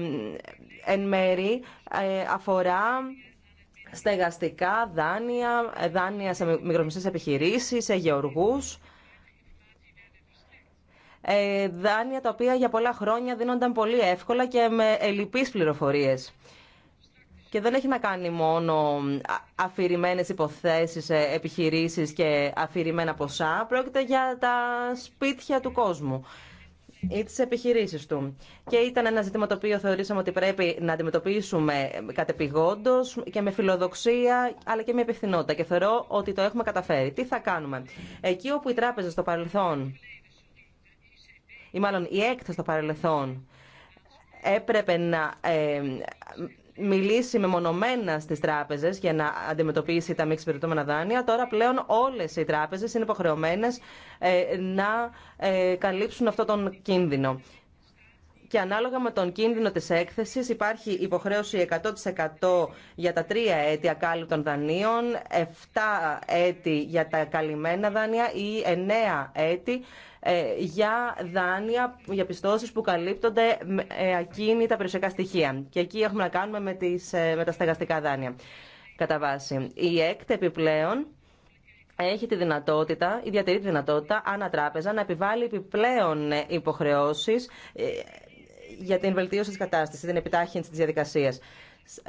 εν μέρη ε, αφορά στεγαστικά δάνεια, δάνεια σε μικρομεσαίες επιχειρήσεις, σε γεωργούς, ε, δάνεια τα οποία για πολλά χρόνια δίνονταν πολύ εύκολα και με ελλειπείς πληροφορίες. Και δεν έχει να κάνει μόνο αφηρημένε υποθέσεις, επιχειρήσεις και αφηρημένα ποσά. Πρόκειται για τα σπίτια του κόσμου ή τι επιχειρήσει του. Και ήταν ένα ζήτημα το οποίο θεωρήσαμε ότι πρέπει να αντιμετωπίσουμε κατεπηγόντω και με φιλοδοξία αλλά και με επιθυνότητα. Και θεωρώ ότι το έχουμε καταφέρει. Τι θα κάνουμε. Εκεί όπου η τράπεζα στο παρελθόν, ή μάλλον η μαλλον η εκθεση στο παρελθόν, έπρεπε να ε, μιλήσει μεμονωμένα στι τράπεζε για να αντιμετωπίσει τα μη εξυπηρετούμενα δάνεια. Τώρα πλέον όλε οι τράπεζε είναι υποχρεωμένε ε, να ε, καλύψουν αυτόν τον κίνδυνο και ανάλογα με τον κίνδυνο της έκθεσης υπάρχει υποχρέωση 100% για τα τρία έτη ακάλυπτων δανείων, 7 έτη για τα καλυμμένα δάνεια ή 9 έτη ε, για δάνεια, για πιστώσεις που καλύπτονται ε, ακίνητα περιουσιακά στοιχεία. Και εκεί έχουμε να κάνουμε με, τις, ε, με τα στεγαστικά δάνεια κατά βάση. Η ΕΚΤ επιπλέον έχει τη δυνατότητα, η τη δυνατότητα ανά τράπεζα να επιβάλλει επιπλέον υποχρεώσεις για την βελτίωση της κατάστασης, την επιτάχυνση της διαδικασίας.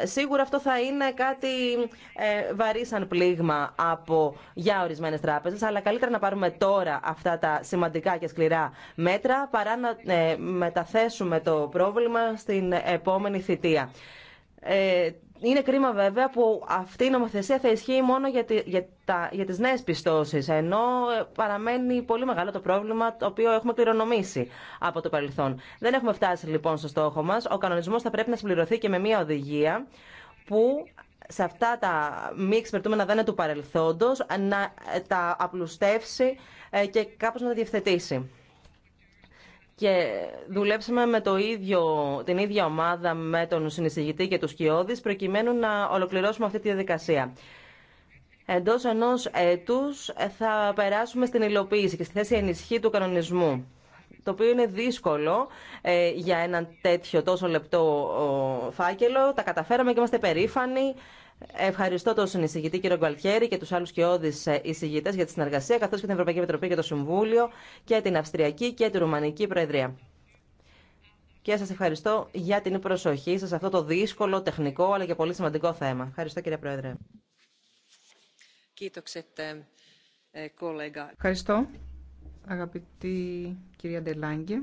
Σίγουρα αυτό θα είναι κάτι ε, βαρύ σαν πλήγμα από, για ορισμένε τράπεζε, αλλά καλύτερα να πάρουμε τώρα αυτά τα σημαντικά και σκληρά μέτρα παρά να ε, μεταθέσουμε το πρόβλημα στην επόμενη θητεία. Ε, είναι κρίμα βέβαια που αυτή η νομοθεσία θα ισχύει μόνο για, τη, για, τα, για τις νέες πιστώσεις, ενώ ε, παραμένει πολύ μεγάλο το πρόβλημα το οποίο έχουμε κληρονομήσει από το παρελθόν. Δεν έχουμε φτάσει λοιπόν στο στόχο μας. Ο κανονισμός θα πρέπει να συμπληρωθεί και με μια οδηγία που σε αυτά τα μη εξυπηρετούμενα δάνεια του παρελθόντος να ε, τα απλουστεύσει ε, και κάπως να τα διευθετήσει. Και δουλέψαμε με το ίδιο, την ίδια ομάδα με τον συνεισηγητή και τους κοιόδης προκειμένου να ολοκληρώσουμε αυτή τη διαδικασία. Εντό ενό έτου ε, θα περάσουμε στην υλοποίηση και στη θέση ενισχύ του κανονισμού. Το οποίο είναι δύσκολο ε, για ένα τέτοιο τόσο λεπτό φάκελο. Τα καταφέραμε και είμαστε περήφανοι. Ευχαριστώ τον συνεισηγητή κύριο Γκουαλτιέρη και του άλλου κοιόδη ε, εισηγητέ για τη συνεργασία, καθώ και την Ευρωπαϊκή Επιτροπή και το Συμβούλιο και την Αυστριακή και τη Ρουμανική Προεδρία. Και σα ευχαριστώ για την προσοχή σα σε αυτό το δύσκολο, τεχνικό αλλά και πολύ σημαντικό θέμα. Ευχαριστώ κύριε Πρόεδρε. Ε, ε, ευχαριστώ αγαπητή κυρία Ντελάγκη.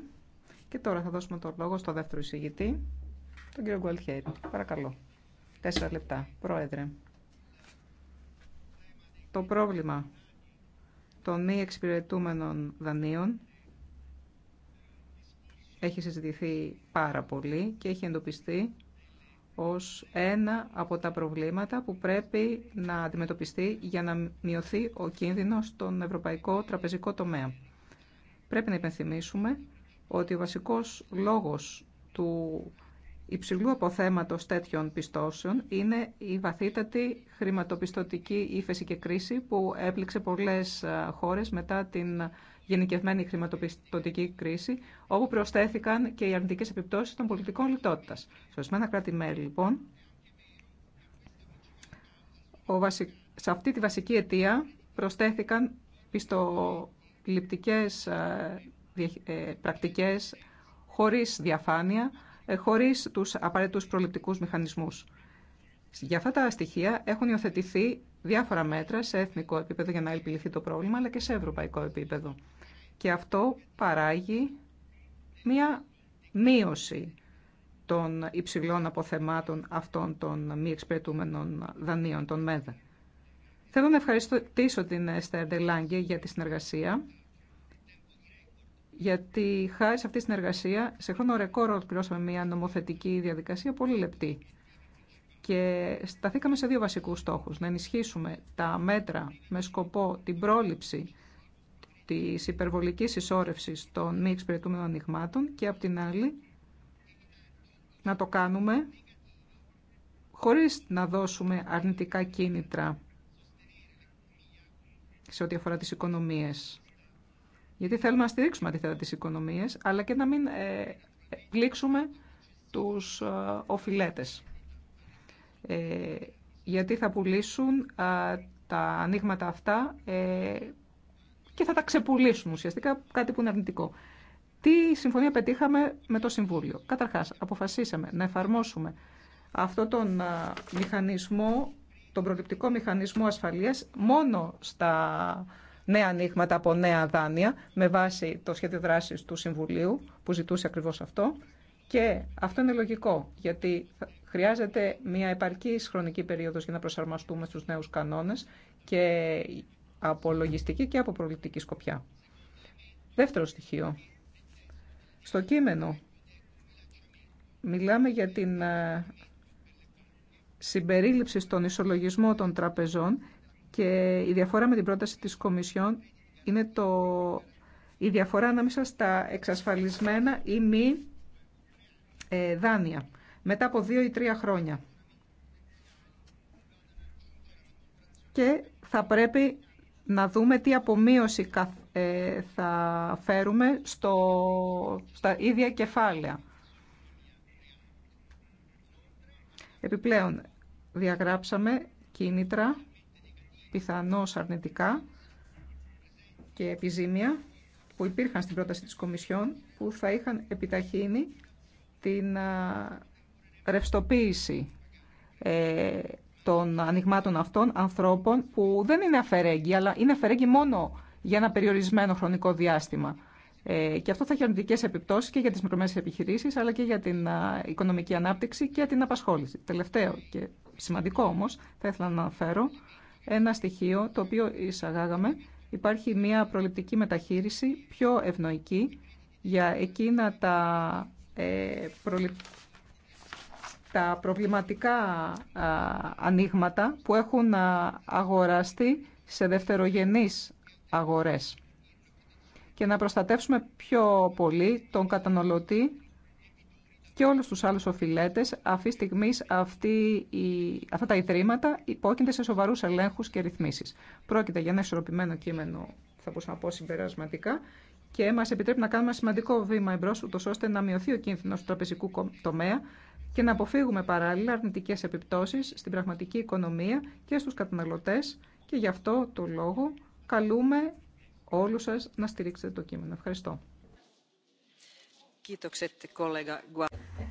Και τώρα θα δώσουμε το λόγο στο δεύτερο εισηγητή, τον κύριο Γκουαλτιέρη. Παρακαλώ. Τέσσερα λεπτά. Πρόεδρε. Το πρόβλημα των μη εξυπηρετούμενων δανείων έχει συζητηθεί πάρα πολύ και έχει εντοπιστεί ως ένα από τα προβλήματα που πρέπει να αντιμετωπιστεί για να μειωθεί ο κίνδυνος στον ευρωπαϊκό τραπεζικό τομέα. Πρέπει να υπενθυμίσουμε ότι ο βασικός λόγος του υψηλού αποθέματος τέτοιων πιστώσεων είναι η βαθύτατη χρηματοπιστωτική ύφεση και κρίση που έπληξε πολλές ε, χώρες μετά την γενικευμένη χρηματοπιστωτική κρίση, όπου προσθέθηκαν και οι αρνητικές επιπτώσεις των πολιτικών λιτότητας. Σε ορισμένα κράτη-μέλη, λοιπόν, σε αυτή τη βασική αιτία προσθέθηκαν πιστοληπτικές ε, ε, πρακτικές χωρίς διαφάνεια, ε, χωρίς τους απαραίτητους προληπτικούς μηχανισμούς. Για αυτά τα στοιχεία έχουν υιοθετηθεί διάφορα μέτρα σε εθνικό επίπεδο για να επιληθεί το πρόβλημα, αλλά και σε ευρωπαϊκό επίπεδο. Και αυτό παράγει μία μείωση των υψηλών αποθεμάτων αυτών των μη εξυπηρετούμενων δανείων, των ΜΕΔ. Θέλω να ευχαριστήσω την Στέντε Λάγκη για τη συνεργασία γιατί χάρη σε αυτή τη συνεργασία σε χρόνο ρεκόρ ολοκληρώσαμε μια νομοθετική διαδικασία πολύ λεπτή. Και σταθήκαμε σε δύο βασικούς στόχους. Να ενισχύσουμε τα μέτρα με σκοπό την πρόληψη της υπερβολικής ισόρευσης των μη εξυπηρετούμενων ανοιγμάτων και απ' την άλλη να το κάνουμε χωρίς να δώσουμε αρνητικά κίνητρα σε ό,τι αφορά τις οικονομίες γιατί θέλουμε να στηρίξουμε αντίθετα τις οικονομίες, αλλά και να μην ε, πλήξουμε τους ε, Ε, γιατί θα πουλήσουν ε, τα ανοίγματα αυτά ε, και θα τα ξεπουλήσουν ουσιαστικά κάτι που είναι αρνητικό. Τι συμφωνία πετύχαμε με το Συμβούλιο. Καταρχάς, αποφασίσαμε να εφαρμόσουμε αυτό τον ε, μηχανισμό, τον προληπτικό μηχανισμό ασφαλείας μόνο στα νέα ανοίγματα από νέα δάνεια με βάση το σχέδιο δράσης του Συμβουλίου που ζητούσε ακριβώς αυτό. Και αυτό είναι λογικό, γιατί χρειάζεται μια επαρκής χρονική περίοδος για να προσαρμοστούμε στους νέους κανόνες και από λογιστική και από προληπτική σκοπιά. Δεύτερο στοιχείο. Στο κείμενο μιλάμε για την ε, συμπερίληψη στον ισολογισμό των τραπεζών και η διαφορά με την πρόταση της Κομισιόν είναι το... η διαφορά ανάμεσα στα εξασφαλισμένα ή μη ε, δάνεια μετά από δύο ή τρία χρόνια. Και θα πρέπει να δούμε τι απομείωση ε, θα φέρουμε στο, στα ίδια κεφάλαια. Επιπλέον, διαγράψαμε κίνητρα πιθανώς αρνητικά και επιζήμια που υπήρχαν στην πρόταση της Κομισιόν που θα είχαν επιταχύνει την ρευστοποίηση ε, των ανοιγμάτων αυτών ανθρώπων που δεν είναι αφαιρέγγι, αλλά είναι αφαιρέγγι μόνο για ένα περιορισμένο χρονικό διάστημα. Ε, και αυτό θα έχει αρνητικέ επιπτώσει και για τι μικρομέσεις επιχειρήσει, αλλά και για την οικονομική ανάπτυξη και την απασχόληση. Τελευταίο και σημαντικό όμω, θα ήθελα να αναφέρω, ένα στοιχείο το οποίο εισαγάγαμε. Υπάρχει μια προληπτική μεταχείριση πιο ευνοϊκή για εκείνα τα, ε, τα προβληματικά α, ανοίγματα που έχουν α, αγοραστεί σε δευτερογενείς αγορές και να προστατεύσουμε πιο πολύ τον καταναλωτή και όλους τους άλλους οφειλέτες, αυτή στιγμή αυτή η, αυτά τα ιδρύματα υπόκεινται σε σοβαρούς ελέγχους και ρυθμίσεις. Πρόκειται για ένα ισορροπημένο κείμενο, θα μπορούσα να πω συμπερασματικά, και μας επιτρέπει να κάνουμε ένα σημαντικό βήμα εμπρός, ούτως ώστε να μειωθεί ο κίνδυνος του τραπεζικού τομέα και να αποφύγουμε παράλληλα αρνητικές επιπτώσεις στην πραγματική οικονομία και στους καταναλωτές και γι' αυτό το λόγο καλούμε όλους σας να στηρίξετε το κείμενο. Ευχαριστώ.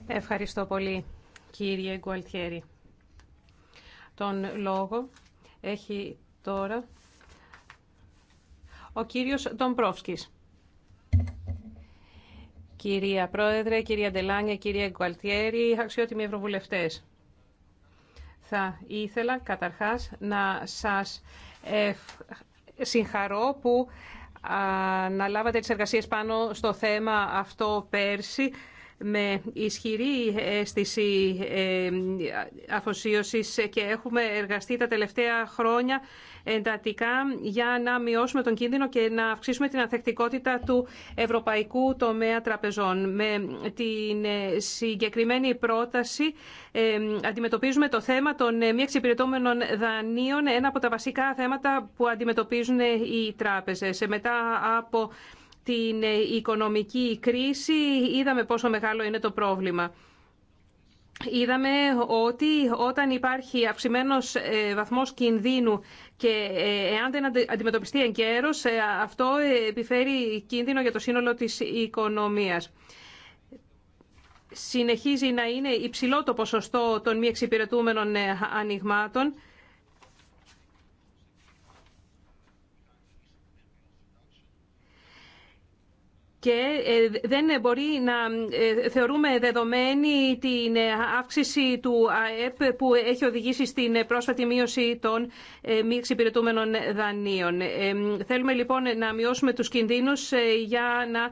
Ευχαριστώ πολύ, κύριε Γκουαλτιέρη. Τον λόγο έχει τώρα ο κύριος Ντομπρόφσκης. Κυρία Πρόεδρε, κυρία Ντελάνια, κύριε Γκουαλτιέρη, αξιότιμοι ευρωβουλευτές. Θα ήθελα καταρχάς να σας συγχαρώ που αναλάβατε τις εργασίες πάνω στο θέμα αυτό πέρσι με ισχυρή αίσθηση ε, αφοσίωσης και έχουμε εργαστεί τα τελευταία χρόνια εντατικά για να μειώσουμε τον κίνδυνο και να αυξήσουμε την ανθεκτικότητα του ευρωπαϊκού τομέα τραπεζών. Με την ε, συγκεκριμένη πρόταση ε, αντιμετωπίζουμε το θέμα των μη εξυπηρετώμενων δανείων, ένα από τα βασικά θέματα που αντιμετωπίζουν οι τράπεζες. Μετά από την ε, οικονομική κρίση είδαμε πόσο μεγάλο είναι το πρόβλημα. Είδαμε ότι όταν υπάρχει αυξημένος ε, βαθμός κινδύνου και ε, εάν δεν αντιμετωπιστεί εν καιρός, αυτό επιφέρει κίνδυνο για το σύνολο της οικονομίας. Συνεχίζει να είναι υψηλό το ποσοστό των μη εξυπηρετούμενων ανοιγμάτων και ε, δεν μπορεί να ε, θεωρούμε δεδομένη την ε, αύξηση του ΑΕΠ που έχει οδηγήσει στην πρόσφατη μείωση των μη εξυπηρετούμενων δανείων. Θέλουμε λοιπόν να μειώσουμε τους κινδύνους για να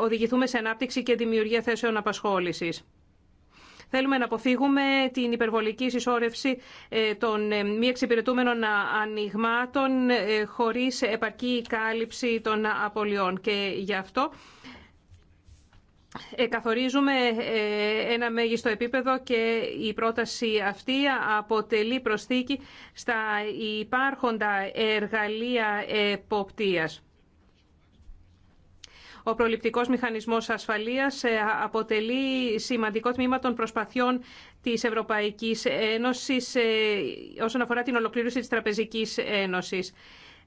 οδηγηθούμε σε ανάπτυξη και δημιουργία θέσεων απασχόλησης. Θέλουμε να αποφύγουμε την υπερβολική συσσόρευση ε, των ε, μη εξυπηρετούμενων ε, ανοιγμάτων χωρίς επαρκή κάλυψη των απολειών. Και γι' αυτό καθορίζουμε ένα μέγιστο επίπεδο και η πρόταση αυτή αποτελεί προσθήκη στα υπάρχοντα εργαλεία εποπτείας. Ο προληπτικός μηχανισμός ασφαλείας ε, αποτελεί σημαντικό τμήμα των προσπαθειών της Ευρωπαϊκής Ένωσης ε, όσον αφορά την ολοκλήρωση της Τραπεζικής Ένωσης.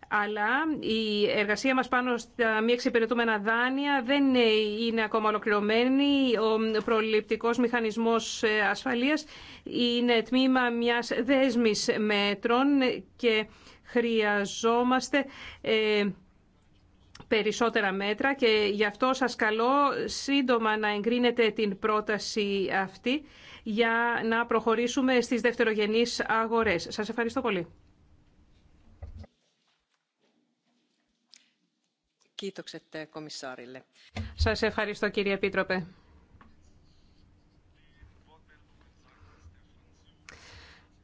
Αλλά η εργασία μας πάνω στα μη εξυπηρετούμενα δάνεια δεν ε, είναι ακόμα ολοκληρωμένη. Ο προληπτικός μηχανισμός ασφαλείας είναι τμήμα μιας δέσμης μέτρων και χρειαζόμαστε περισσότερα μέτρα και γι' αυτό σας καλώ σύντομα να εγκρίνετε την πρόταση αυτή για να προχωρήσουμε στις δευτερογενείς αγορές. Σας ευχαριστώ πολύ. Σας ευχαριστώ κύριε Επίτροπε.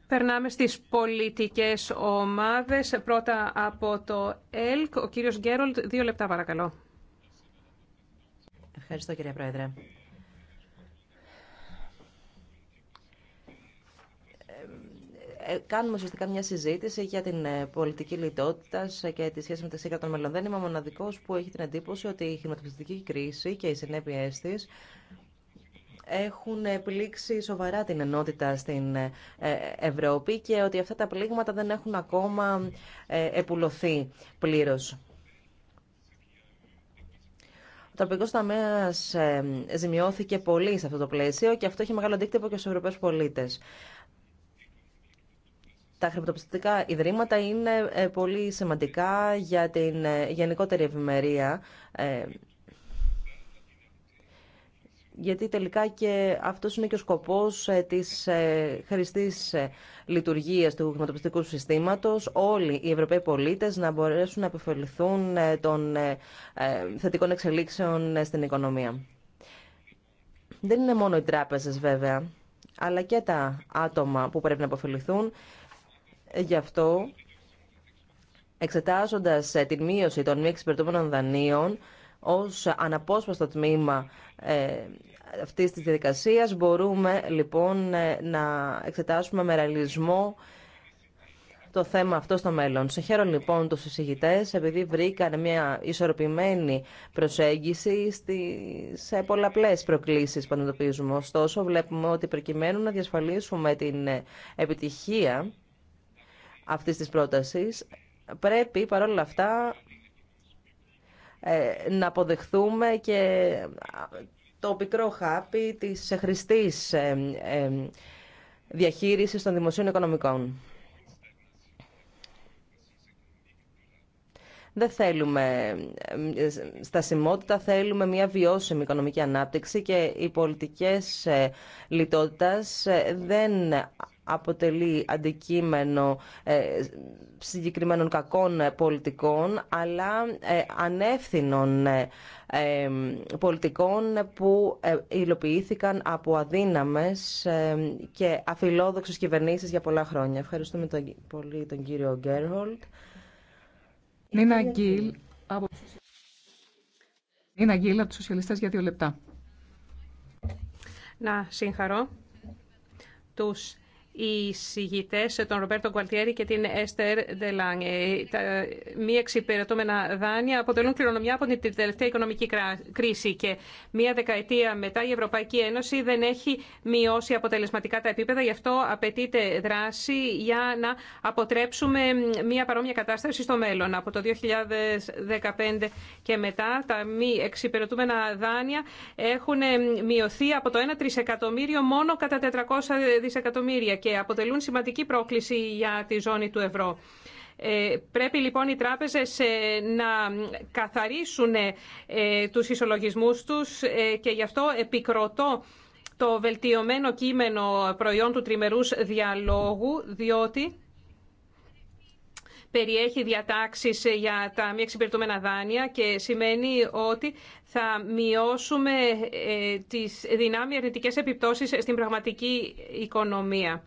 Περνάμε στις πολιτικές ομάδες. Πρώτα από το ΕΛΚ, ο κύριος Γκέρολτ. Δύο λεπτά παρακαλώ. Ευχαριστώ κύριε Πρόεδρε. Ε, ε, κάνουμε ουσιαστικά μια συζήτηση για την ε, πολιτική λιτότητα και τη σχέση μεταξύ των μελών. Δεν είμαι ο μοναδικό που έχει την εντύπωση ότι η χρηματοπιστωτική κρίση και οι συνέπειέ τη έχουν πλήξει σοβαρά την ενότητα στην ε, Ευρώπη και ότι αυτά τα πλήγματα δεν έχουν ακόμα ε, επουλωθεί πλήρως. Ο τροπικός ταμέα ε, ζημιώθηκε πολύ σε αυτό το πλαίσιο και αυτό έχει μεγάλο αντίκτυπο και στου Ευρωπαίου πολίτε. Τα χρηματοπιστωτικά ιδρύματα είναι πολύ σημαντικά για την γενικότερη ευημερία γιατί τελικά και αυτός είναι και ο σκοπός ε, της ε, χρηστής ε, λειτουργίας του χρηματοπιστικού συστήματος. Όλοι οι Ευρωπαίοι πολίτες να μπορέσουν να επωφεληθούν των θετικών εξελίξεων στην οικονομία. Δεν είναι μόνο οι τράπεζες βέβαια, αλλά και τα άτομα που πρέπει να αποφεληθούν. Γι' αυτό, εξετάζοντας την μείωση των μη εξυπηρετούμενων δανείων, ως αναπόσπαστο τμήμα ε, αυτής της διαδικασίας. Μπορούμε λοιπόν ε, να εξετάσουμε με ρεαλισμό το θέμα αυτό στο μέλλον. Σε χαίρον λοιπόν τους εισηγητές επειδή βρήκαν μια ισορροπημένη προσέγγιση σε πολλαπλές προκλήσεις που αντιμετωπίζουμε. Ωστόσο βλέπουμε ότι προκειμένου να διασφαλίσουμε την ε, επιτυχία αυτής της πρότασης πρέπει παρόλα αυτά ε, να αποδεχθούμε και το πικρό χάπι της χρηστής ε, ε, διαχείρισης των δημοσίων οικονομικών. Δεν θέλουμε ε, στασιμότητα, θέλουμε μια βιώσιμη οικονομική ανάπτυξη και οι πολιτικές ε, λιτότητας ε, δεν αποτελεί αντικείμενο συγκεκριμένων κακών πολιτικών, αλλά ανεύθυνων πολιτικών που υλοποιήθηκαν από αδύναμες και αφιλόδοξες κυβερνήσεις για πολλά χρόνια. Ευχαριστούμε πολύ τον κύριο Γκέρχολτ. Νίνα Γκίλ από... Νίνα Γκίλ τους Σοσιαλιστές για δύο λεπτά. Να συγχαρώ τους οι συγητέ, ε, τον Ρομπέρτο Γκουαλτιέρη και την Έστερ Ντελάνγκ. Τα ε, μη εξυπηρετούμενα δάνεια αποτελούν κληρονομιά από την τελευταία οικονομική κρίση και μία δεκαετία μετά η Ευρωπαϊκή Ένωση δεν έχει μειώσει αποτελεσματικά τα επίπεδα. Γι' αυτό απαιτείται δράση για να αποτρέψουμε μία παρόμοια κατάσταση στο μέλλον. Από το 2015 και μετά τα μη εξυπηρετούμενα δάνεια έχουν ε, μειωθεί από το 1 τρισεκατομμύριο μόνο κατά 400 δισεκατομμύρια και αποτελούν σημαντική πρόκληση για τη ζώνη του ευρώ. Ε, πρέπει λοιπόν οι τράπεζες ε, να καθαρίσουν ε, τους ισολογισμούς τους και γι' αυτό επικροτώ το βελτιωμένο κείμενο προϊόν του τριμερούς διαλόγου, διότι περιέχει διατάξεις για τα μη εξυπηρετούμενα δάνεια και σημαίνει ότι θα μειώσουμε τις δυνάμει αρνητικές επιπτώσεις στην πραγματική οικονομία.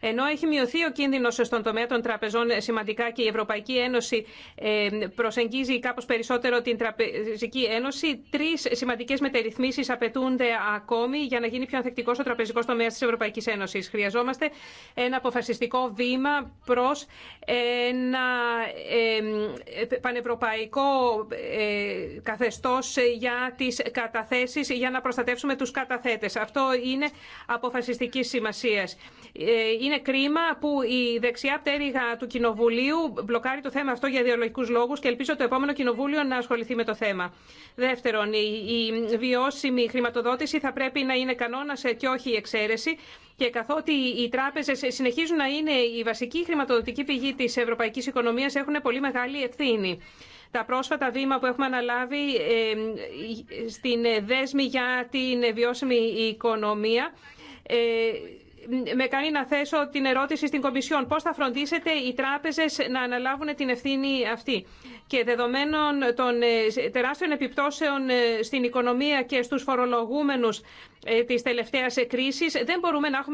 Ενώ έχει μειωθεί ο κίνδυνο στον τομέα των τραπεζών σημαντικά και η Ευρωπαϊκή Ένωση ε, προσεγγίζει κάπως περισσότερο την Τραπεζική Ένωση, τρεις σημαντικέ μετερρυθμίσεις απαιτούνται ακόμη για να γίνει πιο ανθεκτικός ο τραπεζικός τομέας της Ευρωπαϊκής Ένωσης. Χρειαζόμαστε ένα αποφασιστικό βήμα προ ένα ε, πανευρωπαϊκό ε, καθεστώ για τι καταθέσει για να προστατεύσουμε του καταθέτε. Αυτό είναι αποφασιστική σημασία. Είναι κρίμα που η δεξιά πτέρυγα του Κοινοβουλίου μπλοκάρει το θέμα αυτό για ιδεολογικού λόγου και ελπίζω το επόμενο Κοινοβούλιο να ασχοληθεί με το θέμα. Δεύτερον, η βιώσιμη χρηματοδότηση θα πρέπει να είναι κανόνα και όχι η εξαίρεση. Και καθότι οι τράπεζε συνεχίζουν να είναι η βασική χρηματοδοτική πηγή τη ευρωπαϊκή οικονομία, έχουν πολύ μεγάλη ευθύνη. Τα πρόσφατα βήματα που έχουμε αναλάβει στην δέσμη για την βιώσιμη οικονομία ε, με κάνει να θέσω την ερώτηση στην Κομισιόν. Πώς θα φροντίσετε οι τράπεζες να αναλάβουν την ευθύνη αυτή. Και δεδομένων των ε, τεράστιων επιπτώσεων ε, στην οικονομία και στους φορολογούμενους ε, της τελευταίας κρίσης, δεν μπορούμε να έχουμε